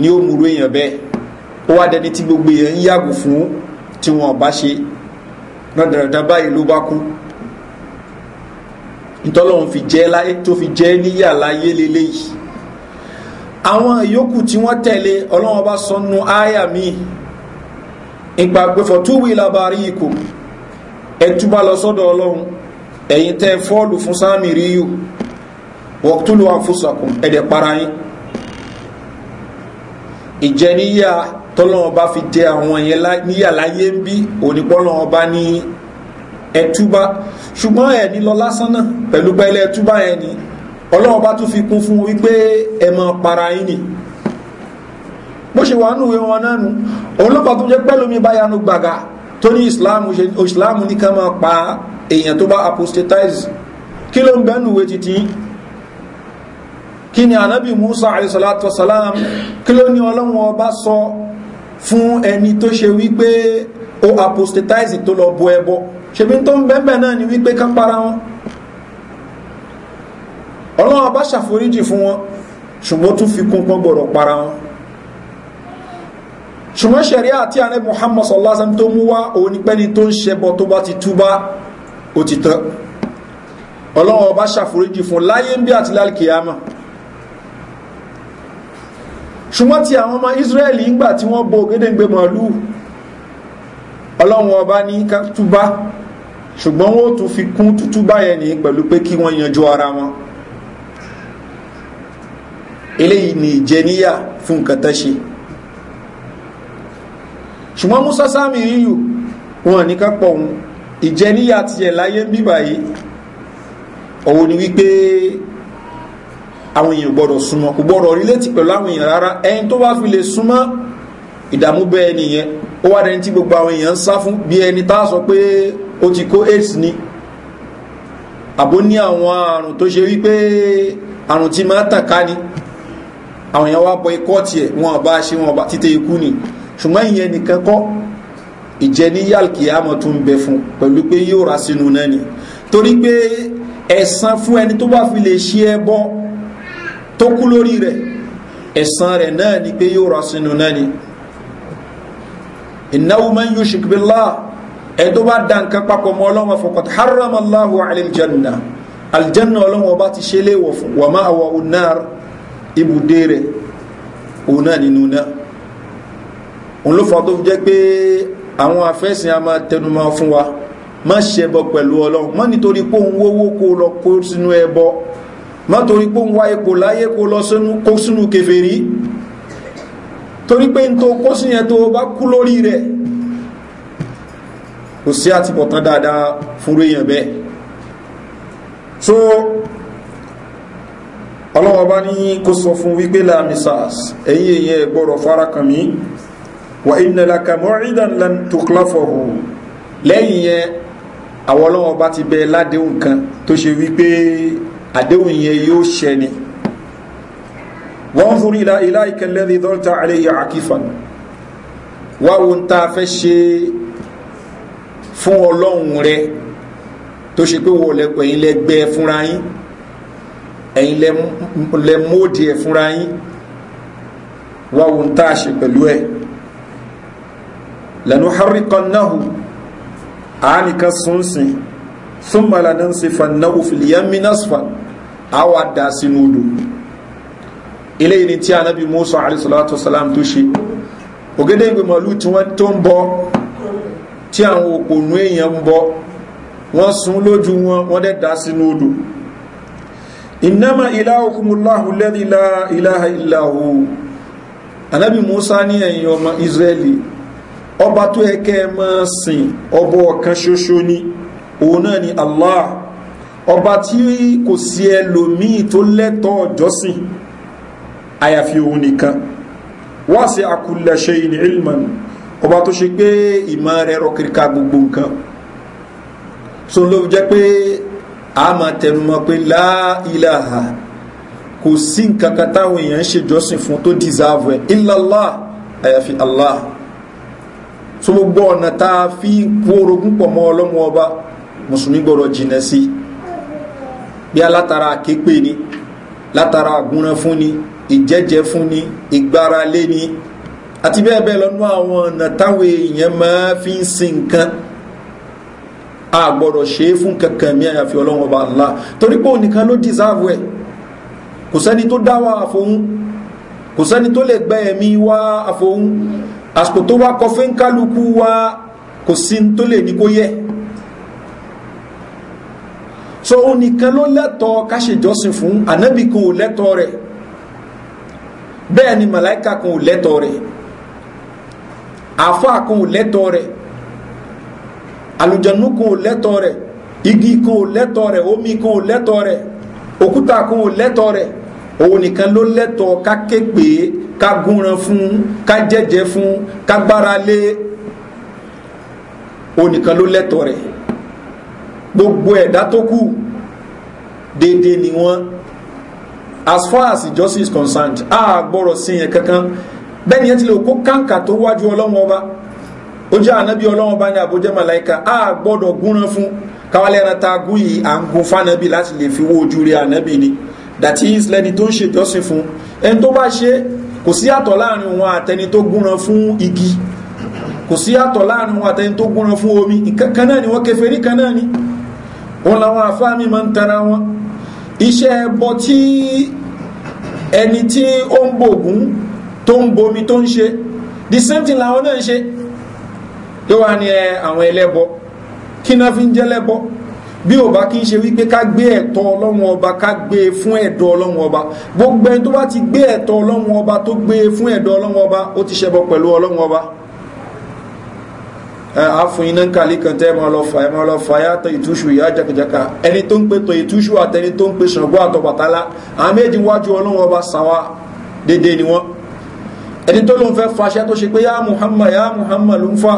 ni ó múrú èèyàn bẹ́ẹ̀ ó wá dẹni tí gbogbo èèyàn ń yàgò fún tí wọn bá ṣe náà báyìí ló bá kú ìtọ́lọ́run fi jẹ́ láyé tó fi jẹ́ níyà láyé lélẹ́yìí àwọn ìyókù tí wọ́n tẹ̀lé ọlọ́wọ́n bá sọnù áyà mi ìgbà pẹ̀fọ̀ tó labari ikò ẹ̀túbà lọ sọ́dọ̀ ọlọ́run ẹ̀yìn tẹ́ fọ́ọ̀lù fún sáàmì ríyù wọ́ktúlù àfúsàkùn ẹ̀dẹ̀ para yín ìjẹniyà tọ́lọ́wọ́n bá fi jẹ àwọn yẹn níyà láyé ń bí onípọ́lọ́wọ́n bá ní ẹ̀túbà ọlọ́run bá tún fi kún fún wípé ẹ máa para yín ni bó ṣe wà nù wọn náà nù ọlọ́pàá tó jẹ́ pẹ́lómi báyanu gbàgà tó ní islam ní ká máa pa èèyàn tó bá apostatize kí ló ń bẹ́nuwé títí kí ni anábì musa àrísọ́látọ̀ salam kí ló ní ọlọ́run ọba sọ fún ẹni tó ṣe wípé o apostatize tó lọ bọ ẹbọ ṣebí tó ń bẹ́ẹ̀bẹ̀ náà ni wípé ká para wọn ọlọ́run bá ṣàforíjì fún wọn ṣùgbọ́n tún fi kún pọ́n gbọ́dọ̀ para wọn ṣùgbọ́n ṣẹ̀ríà àti ààrẹ Muhammad sallallahu alaihi wasallam tó mú wá òun ní pẹ́ni tó ń ṣẹbọ tó bá ti túbá ó ti tán ọlọ́run ọba ṣàforíjì fún láyé ń bí àti lálkìyàmà ṣùgbọ́n ti àwọn ọmọ Israẹli ńgbà tí wọ́n bo gédéǹgbé màálù ọlọ́run ọba ní túbá ṣùgbọ́n wọ́n tún fi kún tútúbá yẹn ní pẹ̀lú pé kí wọ́n yanjú ara wọn eléyìí ni ìjẹníyà fún nǹkan tán ṣe ṣùgbọ́n musa sami yíyù wọn ní ká pọ̀ òun ìjẹníyà tiẹ̀ láyé ń bíbà yìí òun ni wípé àwọn èèyàn gbọ́dọ̀ súnmọ́ kò gbọ́dọ̀ rílétì pẹ̀lú àwọn èèyàn rárá ẹni tó bá fi lè súnmọ́ ìdààmú bẹ́ẹ̀ nìyẹn ó wá dẹni tí gbogbo àwọn èèyàn ń sá fún bí ẹni tá a sọ pé ó ti kó aids ni àbó ní àwọn àrùn tó ṣe wípé àrùn tí máa tàn ká ni àwọn èèyàn wá bọ ikọ́ tiẹ̀ wọn bá ṣe wọn bá títẹ ikú ni ṣùgbọ́n ìyẹn nìkan kọ́ ìjẹniyà kìámọ̀ tó ń bẹ fún pẹ̀lú pé yóò ra sínú náà ni torí pé ẹ̀san fún ẹni tó bá fi lè ṣe ẹbọ tó kú lórí rẹ̀ ẹ̀san rẹ̀ náà ni pé yóò ra sínú náà ni innahu man yushrik billah ẹ̀ tó bá dá nǹkan papọ̀ mọ́ ọlọ́wọ́ faqad harrama Allahu alayhi aljanna aljanna ọlọ́wọ́ bá ti ṣe léwọ̀ fún wa ma'wahu ibu dere òun náà nínú náà òun ló fà tó jẹ́ pé àwọn afẹ́sìn a máa tẹnumọ́ fún wa má ṣẹbọ pẹ̀lú ọlọ́run ma nítorí pé òun wówó kó lọ kó sínú ẹbọ má torí pé òun wá ipò láyé kó lọ kó sínú kèfèrí torí pé n kó sí yẹn tó bá kú lórí rẹ̀ kò sí àtibọ̀tán dáadáa fúnrú èèyàn bẹ́ẹ̀ so ọlọ́wọ́n bá ní kó sọ fún wípé lamisas ẹ̀yìn èyẹ gbọ́rọ̀ farakan mi wà ìnàlákà mọ́rídàn lantuklafahu lẹ́yìn yẹn àwọn ọlọ́wọ́n bá ti bẹ ládéhùn kan tó ṣe wípé àdéhùn yẹn yóò ṣẹ ni wọ́n fúri ilá ilá ìkẹlẹ́dì dọ́lta àlẹ́yà àkífà wá ń ta fẹ́ ṣe fún ọlọ́run rẹ tó ṣe pé wọ́n lẹ́pẹ̀yìn lẹ́gbẹ́ fúnra yín ẹ̀yin lẹ móòdì ẹ̀ fúnra yín wá ohun tá a ṣe pẹ̀lú ẹ̀ lẹ́nu harrikan náà àánìkan súnsìn súnmọ́ lànà ń se fa náà fìlíyàn mínásfà àwọn àdá sínú odò eléyìí ni tí anabi musa alayhisalatu wasalam tó ṣe ògédé ìgbé màálù tí wọ́n tó ń bọ́ tí àwọn òpònú èèyàn ń bọ́ wọ́n sún lójú wọn wọ́n dẹ̀ dá sínú odò innama ilahukumullahu alladhi la ilaha illa hu anabi musa ní ẹ̀yin ọmọ israeli ọba tó ẹkẹ́ máa sìn ọba ọ̀kan ṣoṣo ni òun náà ni allah ọba tí kò sí ẹlòmíì tó lẹ́tọ̀ọ́ jọ́sìn àyàfi òun nìkan wasi'a kulla shay'in ilman ọba tó ṣe pé ìmọ̀ rẹ̀ rọ kìrìkà gbogbo nǹkan so ló jẹ́ pé ama máa tẹnumọ́ pé ilaha kò sí nǹkan kan táwọn èèyàn ń ṣèjọsìn fún tó dìsáàvù ẹ̀ illallah àyàfi allah tó gbogbo ọ̀nà tá a fi kú orogún pọ̀ mọ́ ọlọ́mọ ọba mùsùlùmí gbọ́dọ̀ jìnà sí bí alátara képe ni látara àgúnran fún ni ìjẹ́jẹ́ fún ni ìgbáralé ni àti bẹ́ẹ̀ bẹ́ẹ̀ lọ́nú àwọn ọ̀nà táwọn èèyàn máa fi ń sin nǹkan a gbọ́dọ̀ ṣe é fún kankan mi àyàfi ọlọ́run ọba Allah torí pé ònìkan ló dìsáàvù ẹ̀ kò sẹ́ni tó dá wa àfohún kò sẹ́ni tó lè gbẹ ẹ̀mí wa àfohún àsìkò tó wá kọfí ń kálukú wa kò sí tó lè ní kó yẹ so ònìkan ló lẹ́tọ̀ọ́ ká ṣèjọ́sìn fún ànábì kan ò lẹ́tọ̀ọ́ rẹ̀ bẹ́ẹ̀ ni màláìka kan ò lẹ́tọ̀ọ́ rẹ̀ àfáà kan ò lẹ́tọ̀ọ́ rẹ̀ àlùjànnú kan ò lẹ́tọ̀ rẹ̀ igi kan ò lẹ́tọ̀ rẹ̀ omi kan ò lẹ́tọ̀ rẹ̀ òkúta kan ò lẹ́tọ̀ rẹ̀ òun nìkan ló lẹ́tọ̀ ká ké pè ká gúnran fún ká jẹ́jẹ́ fún ká gbára lé òun nìkan ló lẹ́tọ̀ rẹ̀ gbogbo ẹ̀dá tó kù déédéé ni wọ́n as far as justice concerned a gbọ́rọ̀ sí yẹn kankan bẹ́ẹ̀ ni ẹ ti lè kó kàǹkà tó wájú ọlọ́run ọba ó jẹ́ ànábì ọlọ́run bá ní àbójẹ́ màláìka a gbọ́dọ̀ gúnran fún káwálẹ̀ ẹran ta gún yìí à ń gun fánábì láti lè fi wó ojú rí ànábì ni that is lẹni tó ń ṣèjọsìn fún ẹni tó bá ṣe kò sí àtọ̀ láàrin wọn àtẹni tó gúnran fún igi kò sí àtọ̀ láàrin wọn àtẹni tó gúnran fún omi ìkankan náà ni wọ́n kèfèrí kan náà ni wọn làwọn àfáàmì máa ń tara wọn iṣẹ́ ẹbọ tí ẹni tí ó ń bògún tó ń bomi tó ń ṣe the same thing làwọn náà ń ṣe yóò wá ní àwọn ẹlẹ́bọ kí náà fi ń jẹ́lẹ́bọ bí ò bá kí ń ṣe wípé ká gbé ẹ̀tọ́ ọlọ́run ọba ká gbé e fún ẹ̀dọ́ ọlọ́run ọba gbogbo ẹni tó bá ti gbé ẹ̀tọ́ ọlọ́run ọba tó gbé e fún ẹ̀dọ́ ọlọ́run ọba ó ti ṣẹbọ pẹ̀lú ọlọ́run ọba àfún iná ń kàlí kan tẹ́ ẹmọ ọlọ́fà ẹmọ ọlọ́fà yàtọ̀ ìtúṣù ìyá jàkàjàkà ẹni tó ń pe tọ̀ ìtúṣù àtẹni tó ń pe ṣàngó àtọ̀pàtálá àwọn méjì wájú ọlọ́run ọba sàwà déédéé ni wọ́n ẹni tó ló ń fẹ́ faṣẹ́ tó ṣe pé yá muhammad yá muhammad ló ń fa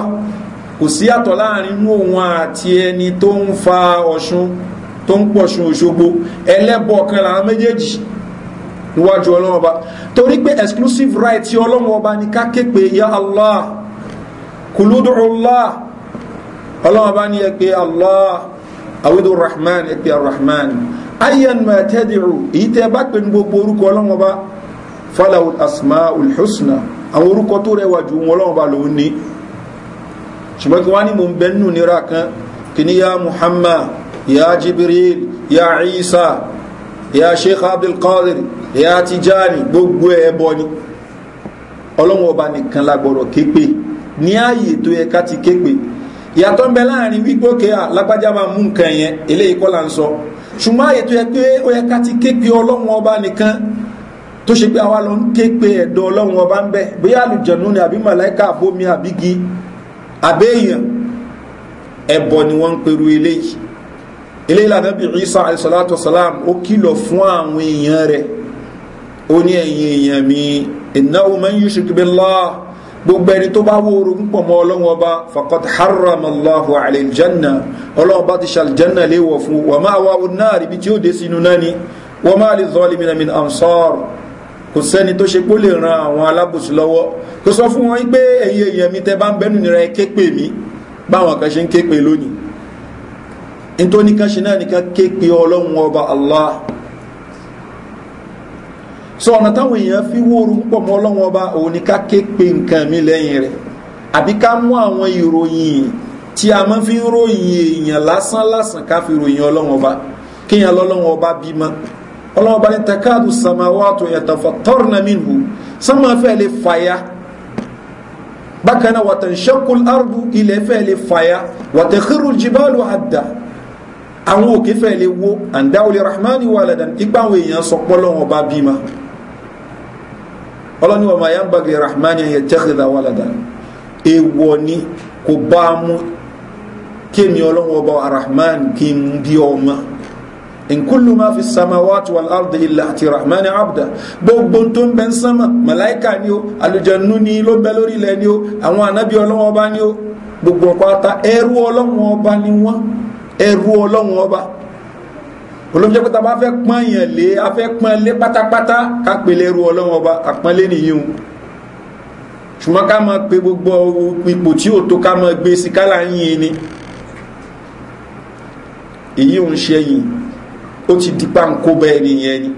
kò sí àtọ̀ láàrin inú òun àti ẹni tó ń fa ọ̀ṣun tó ń pọ̀ṣun òṣogbo ẹlẹ́bọ̀ kan làwọn méjèèjì níwájú ọlọ́wọ́n ọba torí pé exclusive right tí ọlọ́wọ́n ọba ní ká képe ya allah kùlúdù allah ọlọ́wọ́n ọba ní ẹgbẹ́ allah awidu rahman ẹgbẹ́ rahman ayyan ma tẹ́dìrù èyí tẹ́ bá pè ní gbogbo orúkọ ọlọ́wọ́n ọba falawu asma ulhusna àwọn orúkọ tó rẹwà ju wọn lọ́wọ́ bá lòun ní ṣùgbọ́n kí wọ́n ní mò ń bẹ nínú nira kan kì ní ya muhammad ya jibril ya isa ya sheikh abdulkadir ya tijani gbogbo ẹbọ ni ọlọ́wọ́ ọba nìkan lagbọ̀rọ̀ képe ní ààyè tó yẹ ká ti képe ìyàtọ̀ ń bẹ láàrin wípé à lágbájá máa mú nǹkan yẹn eléyìí kọ́ là ń sọ ṣùgbọ́n ààyè tó yẹ ká ti képe ọlọ́wọ́ ọba nìkan tó ṣe pé àwa lọ ń ké pe ẹ̀dọ̀ ọlọ́run ọba ń bẹ bóyá àlùjọ̀nù ni àbí màláìka àbómi àbígi àbẹ́yàn ẹ̀bọ ni wọ́n ń perú eléyìí eléyìí lànà bí Isa alayhisalatu wasalam ó kìlọ̀ fún àwọn èèyàn rẹ̀ ó ní ẹ̀yin èèyàn mi innahu man yushrik billah gbogbo ẹni tó bá wóoru ń pọ̀ mọ́ ọlọ́run ọba faqad harrama Allahu alayhi ọlọ́run ọba ti ṣàlìjánà léwọ̀ fún wa ma'wahu an-nar ibi tí ó dé sínú náà ni wa ma lizalimina min ansar kò sẹ́ni tó ṣe pó lè ran àwọn alábòsí lọ́wọ́ kò sọ fún wọn pé ẹ̀yin èèyàn mi tẹ bá ń bẹ́nu nira ẹ képe mi báwọn kan ṣe ń képe lónìí nítorí kan ṣe náà nìkan képe ọlọ́run ọba allah so ọ̀nà táwọn èèyàn fi wóoru pọ̀ mọ́ ọlọ́run ọba òun ni ká képe nǹkan mi lẹ́yìn rẹ̀ àbí ká mú àwọn ìròyìn tí a máa fi ń ròyìn èèyàn lásán lásán ká fi ròyìn ọlọ́run ọba kéèyàn lọ́lọ́run ọba bímọ ọlọ́wọ́ bá ní takadu samawatu yatafattarna minhu sánmà fẹ́ lè fàyà bákan náà watanshaqu al-ardu ilẹ̀ fẹ́ lè fàyà watakhiru al-jibalu hadda àwọn òkè fẹ́ lè wo àndáwòlè rahmani waladan ipa àwọn èèyàn sọ pọ́lọ́wọ́ bá bímọ ọlọ́ni wa ma yanbaghi rahmani yattakhidha waladan èèwọ̀ ni kò bá mú kémi ọlọ́wọ́ bá rahman kí n bí ọmọ nkulu ma fi samawati wal ardi illa ati rahmani abda gbogbo tó ń bẹ ń sánmà màláìka ni o àlùjànnú ni ló ń bẹ lórí ilẹ̀ ni o àwọn ànábì ọlọ́wọ́n ọba ni o gbogbo pátá ẹrú ọlọ́wọ́n ọba ni wọ́n ẹrú ọlọ́wọ́n ọba olóńjẹ́ pé ta bá fẹ́ pọ́n yẹn lé a fẹ́ pọ́n lé pátápátá ká pè lé ẹrú ọlọ́wọ́n ọba àpọ́nlé nìyí o ṣùgbọ́n ká máa pe gbogbo ipò tí ò tó ká máa gbé sí yín ni èyí ò ń ṣe ó ti di páńkó bá ẹni ni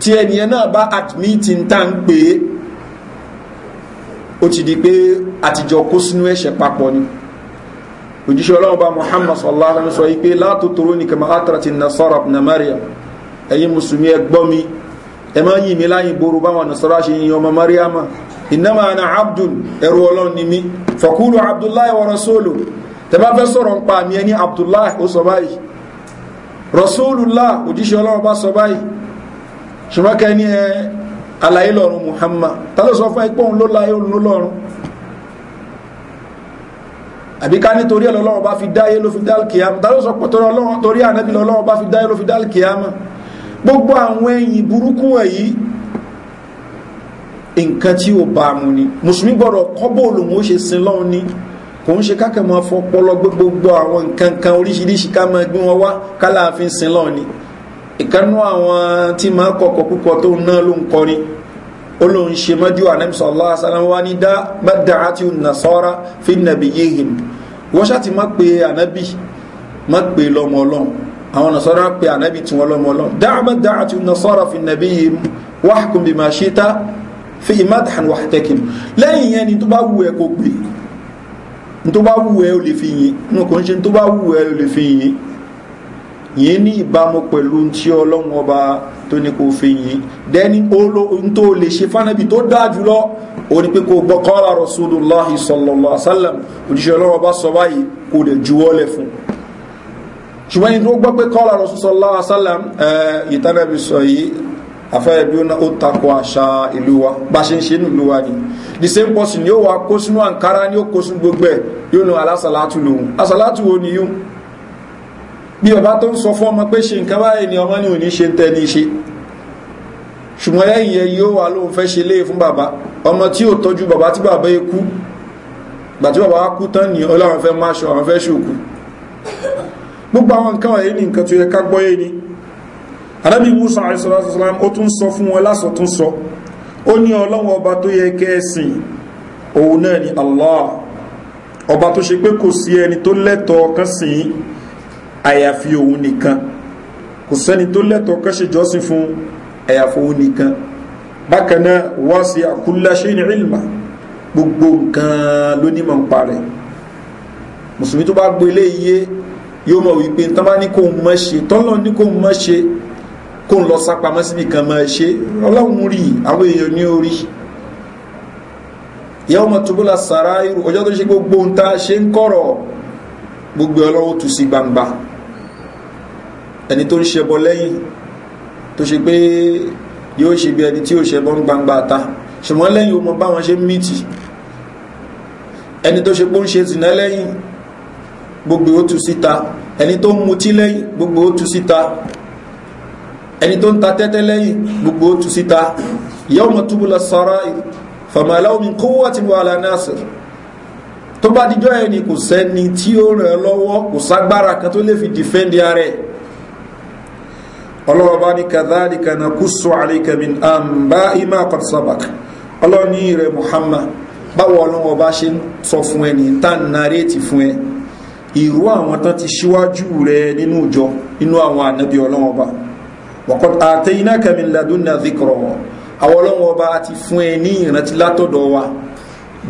tí ẹni náà bá admit ń tà ń pè é ó ti di pé àtijọ́ kó sínú ẹ̀ṣẹ̀ papọ̀ ni òjíṣẹ́ ọlọ́run bá muhammad sallallahu alaihi wa sọ yìí pé látòtòrò ní kama atrati nasara na mariam ẹ̀yin mùsùlùmí ẹ gbọ́ mi ẹ máa yìn mí láyìn boro báwọn nasara ṣe yin ọmọ mariama ìnáma ana abdul ẹrù ọlọ́run ni mí fakulu abdullahi wa rasulu tẹ bá fẹ́ sọ̀rọ̀ ń pa mi ẹni abdullahi ó sọ báyìí rasulullah òjíṣẹ́ ọlọ́run bá sọ báyìí ṣùgbọ́n kẹ́ ní ẹ àlàyé lọ́run muhammad ta ló sọ fún ẹ pọ́n ló láyé òun ló lọ́run àbí ká nítorí ẹ̀ lọ́lọ́run bá fi dáyé ló fi dálkìyàmù ta ló sọ pọ̀ torí ànábì lọ́lọ́run bá fi dáyé ló fi dálkìyàmù gbogbo àwọn ẹ̀yìn burúkú ẹ̀yí nǹkan tí ó bá mu ni mùsùlùmí gbọ́dọ̀ kọ́bọ̀ olùmọ̀ ṣe sin lọ́run ni kò ń ṣe kákẹ́ mọ́ fọpọlọ gbogbo àwọn nǹkan kan oríṣiríṣi ká máa gbé wọn wá káláàfin sin lọ ni ìkànnú àwọn tí máa kọkọ púpọ̀ tó ń ná ló ń kọrin ó ló ń ṣe mọ́jú ànẹ́mísọ̀ allah asalam wa ní dá bá dáa tí ó nà sọ́ra fi nàbí yéhìm wọ́n ṣáà ti má pe ànábì má pe lọ́mọ ọlọ́run àwọn nasọ́ra pe ànábì tí wọ́n lọ́mọ ọlọ́run dáa bá dáa tí ó nà sọ́ra fi nàbí tó bá wù ẹ́ o lè fi yìn inú kò ń ṣe tó bá wù ẹ́ o lè fi yìn yìn ní ìbámu pẹ̀lú tí ọlọ́run ọba tó ní kò fi yìn dẹ́ni ohun tó lè ṣe fánàbí tó dáa jùlọ o ní pé kò gbọ́ kọ́ra rasulillah sallallahu alaihi wa sallam òjíṣẹ́ ọlọ́run ọba sọ báyìí kò lè juwọ́lẹ̀ fún un ṣùgbọ́n yìí tó gbọ́ pé kọ́lá rọ̀sùsọ́lá asálàm ìtànàbí sọ yìí afẹ́rẹ́ dúró náà ó takò àṣà ìlú wa bá ṣe ń ṣe nílùú wa ni the same person yóò wá kó sínú àǹkárá ni ó kó sínú gbogbo ẹ̀ yóò nu alásàlátù lòun asàlátù wo ni yóò bí ọba tó ń sọ fún ọmọ pé ṣe nǹkan báyìí ni ọmọ ní òní ṣe ń tẹ́ ní ṣe ṣùgbọ́n lẹ́yìn yẹn yóò wà lóun fẹ́ ṣe léè fún bàbá ọmọ tí ò tọ́jú bàbá tí bàbá yẹ kú gbà tí bàbá kú tán ní ọlọ́run fẹ́ máṣọ àwọn fẹ́ ṣòkú gbogbo àwọn nǹkan wọ̀nyí ní nǹkan tó yẹ ká gbọ́yé ni anábì musa àìsàlám ó tún sọ fún wọn lásọ tún sọ ó ní ọlọ́run ọba tó yẹ kẹ́ẹ̀sìn òun náà ni allah ọba tó ṣe pé kò sí ẹni tó lẹ́tọ̀ọ́ kan sìn àyàfi òun nìkan kò sẹ́ni tó lẹ́tọ̀ọ́ kan ṣe jọ́sìn fún àyàfi òun nìkan bákan wá sí àkúláṣẹ́ ní ìlmà gbogbo nǹkan ló ń parẹ́ mùsùlùmí tó bá gbélé iye yóò mọ̀ wípé tán bá ní kò mọ́ ṣe tọ́lọ́ ní kò mọ́ ṣe kó ń lọ sápamọ́ síbi kan máa ṣe ọlọ́run rí àwọn èèyàn ní orí ìyàwó mọ̀ tóbólà sàrá irú ọjọ́ tó ṣe gbogbo ń ta ṣe ń kọ̀rọ̀ gbogbo ọlọ́run tù sí gbangba ẹni tó ń ṣẹbọ lẹ́yìn tó ṣe pé yóò ṣe bí ẹni tí ó ṣẹbọ ń gbangba ta ṣùgbọ́n lẹ́yìn o báwọn ṣe ń mìtì ẹni tó ṣe pé ń ṣe zìnà lẹ́yìn gbogbo ó tù síta ẹni tó ń mutí lẹ́yìn gbogbo ó tù síta ẹni tó ń ta tẹ́tẹ́ lẹ́yìn gbogbo tu síta yawma tubula sarai fama lahu min quwwatin wala nasir tó bá dijọ́ ẹ̀ ni kò sẹ́ni tí ó ràn ẹ́ lọ́wọ́ kò ságbára kan tó lè fi dìfẹ́ndì ara ẹ̀ ọlọ́ọ̀bá ni kadhalika nakusu alayka min anba'i ma qad sabaq ọlọ́ọ̀ni rẹ̀ Muhammad báwo ọlọ́wọ́ bá ṣe sọ fún ẹ ní tá nàrétì fún ẹ ìró àwọn tán ti ṣíwájú rẹ nínú ìjọ nínú àwọn ànábì ọlọ́wọ́ waqad ataynaka min ladunna dhikra àwọn ọlọ́wọ́n ọba ti fún ẹ ní ìrántí látọ̀dọ̀ wa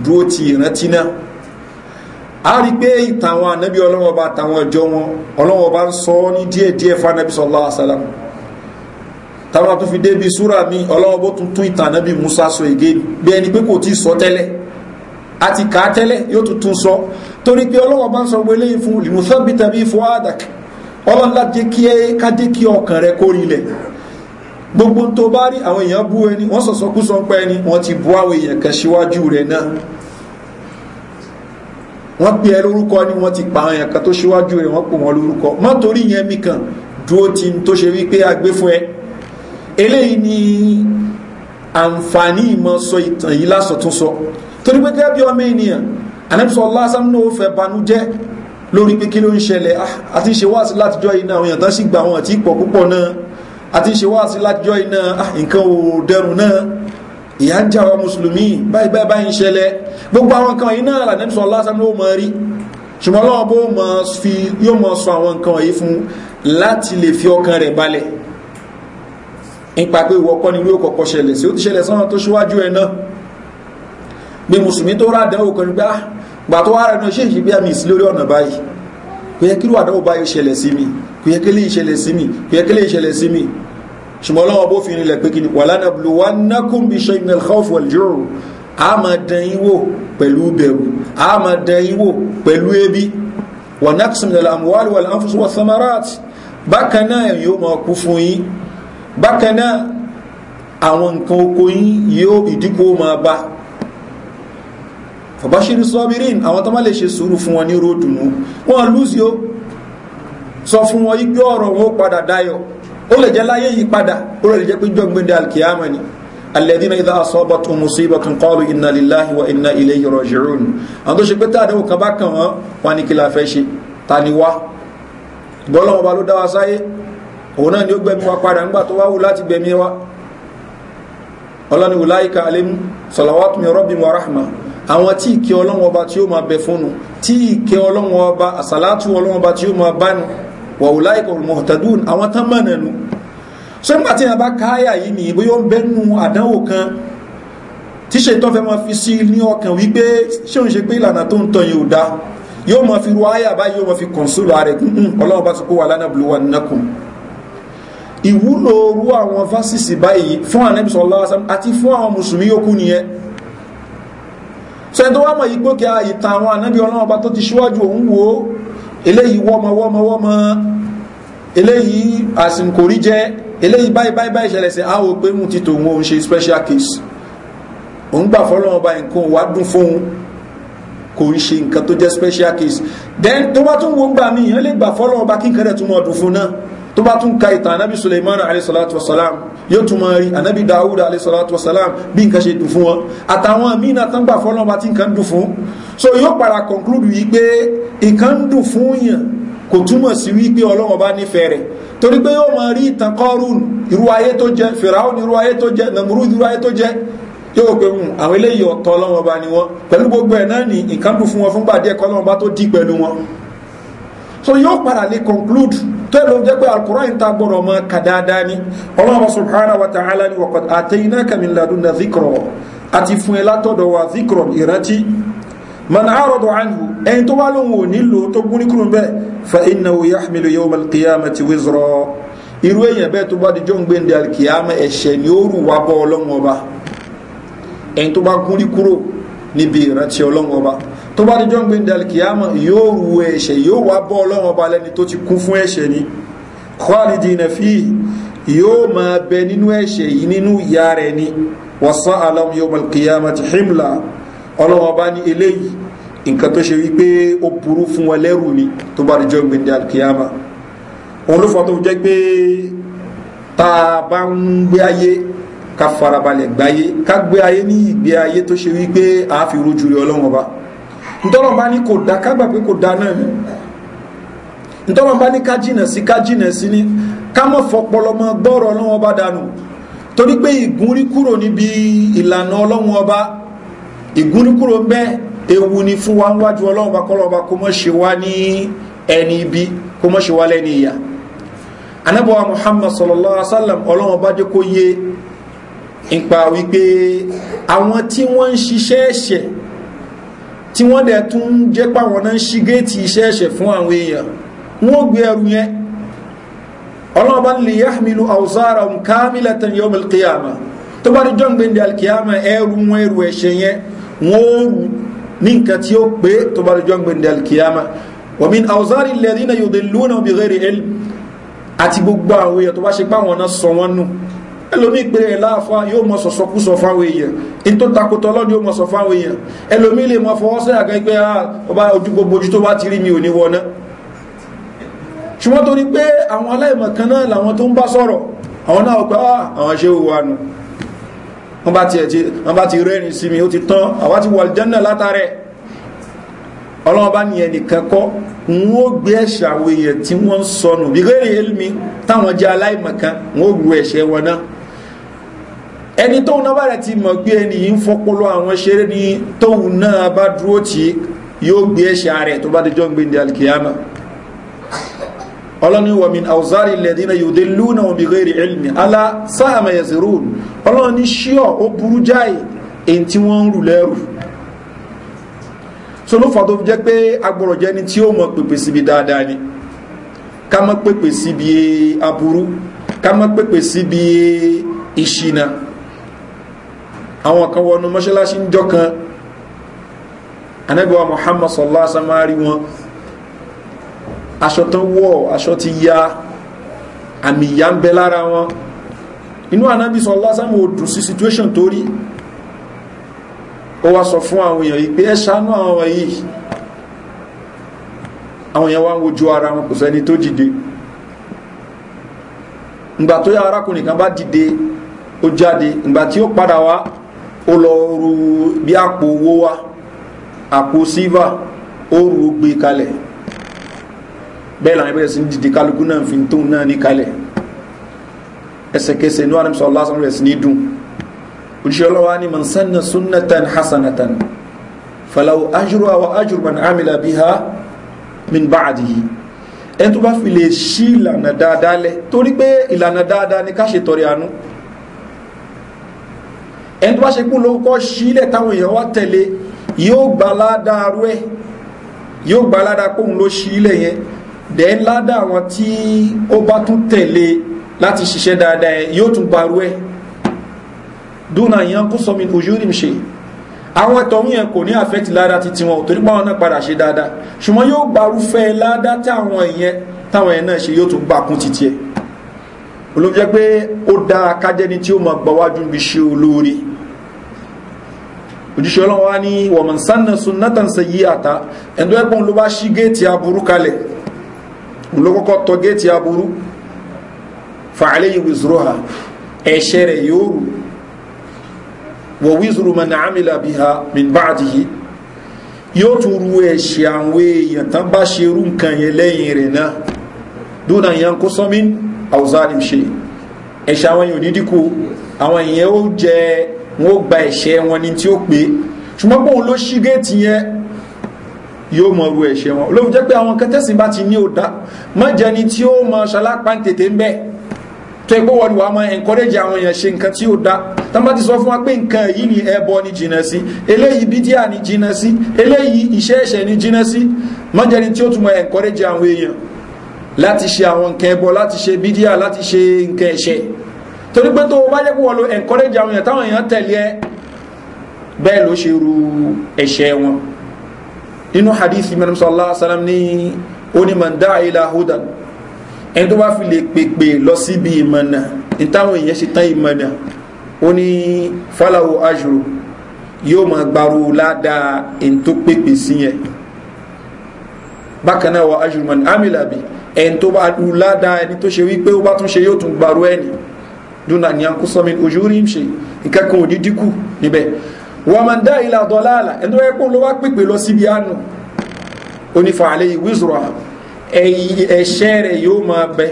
dúró ti ìrántí náà a rí pé ìtàwọn ànábì ọlọ́wọ́n ọba àtàwọn ọjọ́ wọn ọlọ́wọ́n ọba ń sọ ọ́ ní díẹ̀díẹ̀ fanabi sallallahu alaihi wasallam táwọn àtún fi mi ọlọ́wọ́n bó tún tún ìtàn Musa sọ ègé bí ẹni pé kò tí ì sọ tẹ́lẹ̀ àti kà á tẹ́lẹ̀ yóò tún tún sọ torí pé ọlọ́wọ́n ọba ń sọ wọlé fún limusabita ọlọ́run láti kí ẹ kádé kí ọkàn rẹ kó rinlẹ̀ gbogbo tó bá rí àwọn èèyàn bú ẹni wọ́n sọ̀sọ́ kú sọ pé ẹni wọ́n ti bú àwọn èèyàn kan síwájú rẹ̀ náà wọ́n pe ẹ lórúkọ ni wọ́n ti pa àwọn èèyàn kan tó síwájú rẹ̀ wọ́n pò wọ́n lórúkọ má torí yẹn mi kàn dúró ti tó ṣe wípé a fún ẹ eléyìí ni àǹfààní ìmọ̀ sọ ìtàn yìí lásọ̀tún sọ torí pé gẹ́gẹ́ bí ọmọ ènìyàn àlẹ́bùsọ̀ lórí pé kí ló ń ṣẹlẹ̀ àti ah, ṣe wáàsí látijọ́ iná àwọn èèyàn tán sì gba àwọn àti ìpọ̀ púpọ̀ náà àti ṣe wáàsí látijọ́ iná ah, nǹkan ò dẹrùn náà ìyá ń jáwa mùsùlùmí báyìí báyìí báyìí ń ṣẹlẹ̀ gbogbo àwọn kan iná àlànẹ́sọ̀ lásán ló mọ̀ rí ṣùgbọ́n lọ́wọ́ bó yóò mọ̀ sọ àwọn nǹkan yìí fún láti lè fi ọkàn rẹ̀ balẹ̀ nípa pé ìwọ kọ́ ni yóò kọ́kọ́ ṣẹlẹ̀ sí ó ti ṣẹlẹ̀ sọ́nà tó ṣíwájú ẹ̀ náà bí mùsùlùmí tó rà dánwò kan gbá gbà tó wá rẹ̀ ní ṣéṣì bí àmì ìsílẹ̀ orí ọ̀nà báyìí kò yẹ kí lùwàdà ó báyìí ṣẹlẹ̀ sí mi kò yẹ kí lè ṣẹlẹ̀ sí mi kò yẹ kí lè ṣẹlẹ̀ sí mi ṣùgbọ́n lọ́wọ́ bó fi rinlẹ̀ pé kí ni wàlá na blu wá nákùn bí ṣe ìmẹ̀ khawf wal a ma dán yín wò pẹ̀lú bẹ̀rù a ma dán yín wò pẹ̀lú ebi wà nákùsùn fọ̀báṣírí sọ́bìrín àwọn tó má lè ṣe sùúrù fún wọn ní ròdùnú wọ́n lùsí ó sọ fún wọn igbó ọ̀rọ̀ wọn ó padà dayọ̀ ó lè jẹ́ láyé yìí padà ó lè jẹ́ pé jọ́gbìndẹ̀ alkiyama ni alẹ́dínà ìdá asọ́bọ̀tún musíbọ̀tún kọlu iná líláhi wa iná ilé yọrọ̀ jìrún àwọn tó ṣe pé táàdé òkan bá kàn wọ́n wa rahma àwọn tí ìkẹ́ ọlọ́wọ́n ọba tí ó máa bẹ fúnnu tí ìkẹ́ ọlọ́wọ́n ọba àsàlátù ọlọ́wọ́n ọba tí ó máa bánu wàhùlá ìkọ̀ọ̀mọ̀tàdún àwọn tán mọ̀ nẹnu so nígbà tí yàn bá káyà yìí ni bóyá ó ń bẹ́nu àdánwò kan tí ṣètò fẹ́ máa fi sí ní ọkàn wípé ṣé òun ṣe pé ìlànà tó ń tọ̀ yìí ò da yóò máa fi ru àyà báyìí yóò máa fi kọ̀ǹsùlù ààrẹ ìwúlò orú àwọn fásisì báyìí fún ànẹ́bìsọ̀ ọlọ́wọ́sán àti fún àwọn mùsùlùmí yókù nìyẹn sẹ́ńtọ́ wá mọ̀ yí pé kí a ìtàn àwọn ànábì ọlọ́run bá tó ti ṣíwájú òun wò ó eléyìí wọ́mọ wọ́mọ wọ́mọ eléyìí àsìkòrí jẹ́ eléyìí báyìí báyìí báyìí ṣẹlẹ̀ sí àwọn pé mú ti tòun òun ṣe special case òun gbà fọ́lọ́run bá nǹkan wá dùn fóun kò ń ṣe nǹkan tó jẹ́ special case then tó bá tún wo gbà mí ìyẹn lè gbà fọ́lọ́run bá kí nǹkan rẹ̀ tún mọ̀ dùn fún náà tó bá tún ka ìtàn anábì suleiman alayhisalatu wasalam yóò tún máa rí anábì dawud alayhisalatu wasalam bí nǹkan ṣe dùn fún wọn àtàwọn míì náà tán gbà fọlọ́n bá ti nǹkan dùn fún so yóò padà conclude yìí pé nǹkan ń dùn fún yàn kò túmọ̀ sí wípé ọlọ́wọ́n bá nífẹ̀ẹ́ rẹ̀ torí pé yóò máa rí ìtàn kọ́rùn irú ayé tó jẹ fìràún irú ayé tó jẹ nàmúrú irú ayé tó jẹ yóò pé wọn hmm, àwọn eléyìí ọ̀tọ̀ ọlọ́wọ́n bá ní wọn pẹ̀lú gbogbo ẹ̀ náà ní nǹkan dùn fún wọn fúngbà díẹ̀ kọ́lọ́wọ́n bá tó dí pẹ̀lú wọn so yóò padà lè conclude tẹ́lọ jẹ́ pé alkùnrin ta gbọ́rọ̀ mọ́ kàdáadáa ní ọlọ́wọ́ subhanahu wa ta'ala ni wọ́n ataynaka min ladunna zikra àti fún ẹ látọ̀dọ̀ wa zikra ìrántí man arọ̀dọ̀ anhu ẹni tó wá lóhun ò nílò tó gún ní kúrùn bẹ́ẹ̀ fa innahu yahmilu yawmal qiyamati wizra irú èèyàn bẹ́ẹ̀ tó bá di jọ́ gbé ndé alkiyama ẹ̀ṣẹ̀ ni ó rù wá bọ́ ọlọ́wọ́ ọba ẹni tó bá gún ní kúrò níbi ìrántí ọlọ́wọ́ ọba tó bá dijọ́ gbé dalkiyama yóò ru ẹ̀ṣẹ̀ yóò wá bọ́ ọlọ́run ọba lẹ́ni tó ti kún fún ẹ̀ṣẹ̀ ni khalidina fi yóò máa bẹ nínú ẹ̀ṣẹ̀ yìí nínú ìyà rẹ̀ ni wàsá alam yawmal qiyamati himla ọlọ́run ọba ní eléyìí nǹkan tó ṣe ni tó bá dijọ́ gbé dalkiyama òun ló fọ́ tó jẹ́ pé tá a bá ń gbé ayé farabalẹ̀ gbáyé ká gbé ayé ní ìgbé ayé tó ṣe wípé àáfi rojú rẹ̀ ọlọ́run ọba ntọ́lọ́mbá ní kò dá kágbà pé kò dá náà ni ntọ́lọ́mbá ní ká jìnà sí ká jìnà sí ni ká mọ̀ fọpọlọmọ gbọ́rọ̀ ọlọ́wọ́n ọba dànù torí pé ìgúnrí kúrò níbi ìlànà ọlọ́wọ́n ọba ìgúnrí kúrò ń bẹ́ ewu ni fún wa níwájú ọlọ́wọ́n ọba kọ́lọ́ ọba kó mọ̀ ṣe wá ní ẹni ibi kó mọ̀ ṣe wá lẹ́ni ìyà anábọ̀wá muhammad sallallahu alaihi wa sallam ọlọ́wọ́n ọba jẹ́ kó yé nípa wípé àwọn tí wọ́n ń ṣiṣẹ́ ẹ̀ṣẹ̀ tí wọ́n dẹ̀ tún jẹ́ páwọn náà ṣí géètì iṣẹ́ ẹ̀ṣẹ̀ fún àwọn èèyàn wọ́n gbé ẹrù yẹn ọlọ́ọ̀bá lè yàmìlú àwùsára kámílẹ̀tàn yọ mẹ́lìkìyàmà tó bá rí jọ́ gbẹ̀ndẹ̀ alkiyama ẹrù wọn ẹrù ẹ̀ṣẹ̀ yẹn wọ́n rù ní nǹkan tí ó pé tó bá rí jọ́ gbẹ̀ndẹ̀ alkiyama wàmín àwùsára ilẹ̀ dínà yóò dé lónà bí rẹ̀ àti gbogbo àwọn tó bá ṣe páwọn náà sọ wọn nù ẹlòmí ìpèrè ẹ̀ láàfá yóò mọ sọ̀sọ̀ kú sọ fáwọn èèyàn in tó takòtò ọlọ́dún yóò mọ sọ fáwọn èèyàn ẹlòmí lè mọ fọwọ́sẹ̀ àgbẹ̀gbẹ̀ ah, ọba ojú gbogbo ojú tó bá ti rí mi ò ní wọná ṣùgbọ́n torí pé àwọn aláìmọ̀kan náà làwọn tó ń bá sọ̀rọ̀ àwọn náà pẹ́ ah, àwọn ṣe wà nù wọ́n bá ti rẹ́rìn elmi táwọn jẹ́ aláìmọ̀kan wọ́n ó gbé ẹni tóun náà bá rẹ̀ ti mọ̀ pé ẹni yìí ń fọpọlọ àwọn ṣeré ní tóun náà bá dúró tí yóò gbé ẹ̀ṣẹ̀ rẹ̀ tó bá dẹjọ́ gbé ní alkiyama ọlọ́ni wa min awzari alladhina yudilluna bi ghairi ilmi ala sa'a ma yazirun ọlọ́ni ṣíọ̀ ó burú jáì èyí tí wọ́n ń rù lẹ́rù so ló fà jẹ́ pé agbọ̀rọ̀ ni tí ó mọ̀ pèpè síbi dáadáa ni ká má pèpè síbi aburú ká má pèpè síbi ìṣìnà àwọn kan wọnú mọ́ṣáláṣí ń jọ kan anẹ́gbẹ̀wà muhammad sallallahu alaihi wa sallam wọn aṣọ tán wọ̀ aṣọ ti ya àmì ìyá ń bẹ lára wọn inú ànábì sallallahu alaihi ò dùn sí situation tó rí ó wá sọ fún àwọn èèyàn yìí pé ẹ ṣàánú àwọn yìí àwọn èèyàn wá ń wojú ara wọn kò sẹ́ni tó dìde ìgbà tó yá arákùnrin kan bá dìde ó jáde ìgbà tí ó padà wá ó lọ ru bí àpò owó wá àpò sílvà ó ru gbé kalẹ̀ bẹ́ẹ̀ làwọn ìbẹ̀rẹ̀ sí ní dìde kálukú náà fi tóun náà ní kalẹ̀ ẹsẹ̀kẹsẹ̀ ní wàhálà sọ lásán rẹ̀ sí ní dùn òṣìṣẹ́ ọlọ́wà ni man sanna sunnatan hasanatan falawo ajuru àwọn ajuru man amila biha min ba'dihi ẹni tó bá fi lè ṣí ìlànà dáadáa lẹ torí pé ìlànà dáadáa ni ká ṣe tọrẹ àánú ẹni tó bá ṣe kú ló kọ́ sílẹ̀ táwọn èèyàn wá tẹ̀lé yóò gba ládàárú ẹ̀ yóò gba ládàá pòun ló sílẹ̀ yẹn dẹ̀ ládàá àwọn tí ó bá tún tẹ̀lé láti ṣiṣẹ́ dáadáa ẹ̀ yóò tún parú ẹ̀ dúnà yẹn kó sọmi ojú rí ṣe àwọn ẹ̀tọ̀hún yẹn kò ní àfẹ́tì ládá ti tiwọn torí pé àwọn náà padà ṣe dáadáa ṣùgbọ́n yóò gbarúfẹ́ ládá táwọn ẹ̀yẹn táwọn ẹ̀yẹn náà ṣe yóò tún gbà titi ẹ̀ olóòjẹ pé ó dára kájẹni tí ó mọ gbọwájú bí ṣe olóore òjíṣẹ́ ọlọ́wọ́ ní wọ̀mọ̀n sánà sunnatan sayi àta ẹ̀ndọ́ ẹ̀pọ̀n ló bá ṣí géètì aburú kalẹ̀ olókọ́kọ́ tọ géètì aburú fàálẹ́ yìí wìzúrò ha ẹ̀ṣẹ̀ rẹ̀ yóò rù wọ̀ wìzúrò mọ̀ ní àmìlà bí ha min bá àdìyí yóò tún ru ẹ̀ṣẹ̀ àwọn èèyàn tán bá ṣe rú nǹkan yẹn lẹ́yìn rẹ̀ náà dúnà yẹn kó awuzalim ṣe ẹ̀ṣẹ̀ àwọn èèyàn onídìkú àwọn èèyàn ó jẹ wọn ó gba ẹ̀ṣẹ̀ wọn ni tí ó pé ṣùgbọ́n bóun ló ṣí géètì yẹn yóò mọ ru ẹ̀ṣẹ̀ wọn olóhùn jẹ́ pé àwọn kẹtẹ́sìn bá ti ní ò dá mọ́ jẹni tí ó mọ ṣalápá tètè ń tó ẹgbẹ́ wọn ni wàá máa encourage àwọn èèyàn ṣe nǹkan tí ó dá tá ti sọ fún wa pé nǹkan yìí ni ẹbọ ni jìnnà sí eléyìí bídíà ni jìnnà sí eléyìí iṣẹ́ ẹ̀ṣẹ̀ ni jìnnà sí mọ́ jẹni tí ó tún mọ encourage àwọn èèyàn láti ṣe àwọn nǹkan ẹbọ láti ṣe bídíà láti ṣe nǹkan ẹ̀ṣẹ̀ torí pé tó o bá jẹ́ pé wọ́n lo encourage àwọn èèyàn táwọn èèyàn tẹ̀lé ẹ bẹ́ẹ̀ ló ṣe ru ẹ̀ṣẹ̀ wọn nínú hadith mẹ́rin sallallahu alaihi wasallam ní onímọ̀ndá ilá hudan ẹni tó bá fi lè pèpè lọ síbi ìmọ̀nà ní táwọn èèyàn ṣe tán ìmọ̀nà ó ní falawo ajuru yóò máa gbaru ládàá ẹni tó pèpè sí yẹn bákan náà wà ajuru man amila ẹni tó bá lu ládàá ẹni tó ṣe wípé ó bá tún ṣe yóò tún gbarú ẹni dúnà ní àkúsọmi ojú rí ṣe ìkẹ́kùn òdí dínkù níbẹ̀ wọ́n máa ń dá ilà dọ́láàlà ẹni tó ẹ̀pọ̀ ló wá pèpè lọ síbi àánú onífàálẹ̀ ìwísùrọ̀ ẹ̀ṣẹ́ rẹ̀ yóò máa bẹ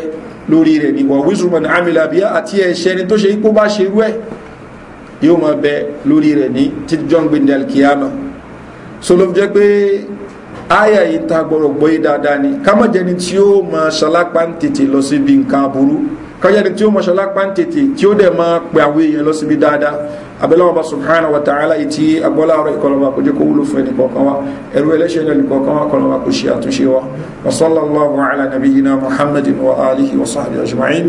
lórí rẹ̀ ní wọ́n wísùrọ̀ ní amìlàbíyà àti ẹ̀ṣẹ́ ni tó ṣe ipò bá ṣerú ẹ̀ yóò máa bẹ lórí rẹ̀ ní títí jọ́ngbìn aya yìí ta gbọ́dọ̀ gbọ́ yìí dáadáa ni ká má jẹni tí ó mọ ṣalápá ń tètè lọ síbi nǹkan aburú ká jẹni tí ó mọ ṣalápá ń tètè tí ó dẹ̀ máa pe àwọn èèyàn lọ síbi dáadáa abẹ́lẹ́ ọba subhanahu wa ta'ala yìí tí agbọ́lá ọ̀rọ̀ ìkọlọ́ba kò jẹ́ kó wúlò fún ẹnìkọ̀ọ̀kan wa ẹ̀rú ẹlẹ́ṣẹ̀ ẹnìkọ̀ọ̀kan wa kọlọ́ba kò ṣe àtúnṣe wa wa sallallahu ala nabiyyina Muhammad wa alihi wa sahbihi ajma'in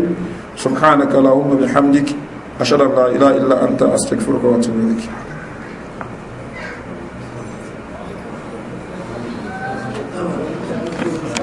subhanaka lahumma bihamdik ashhadu an la ilaha illa anta astaghfiruka wa atubu ilayk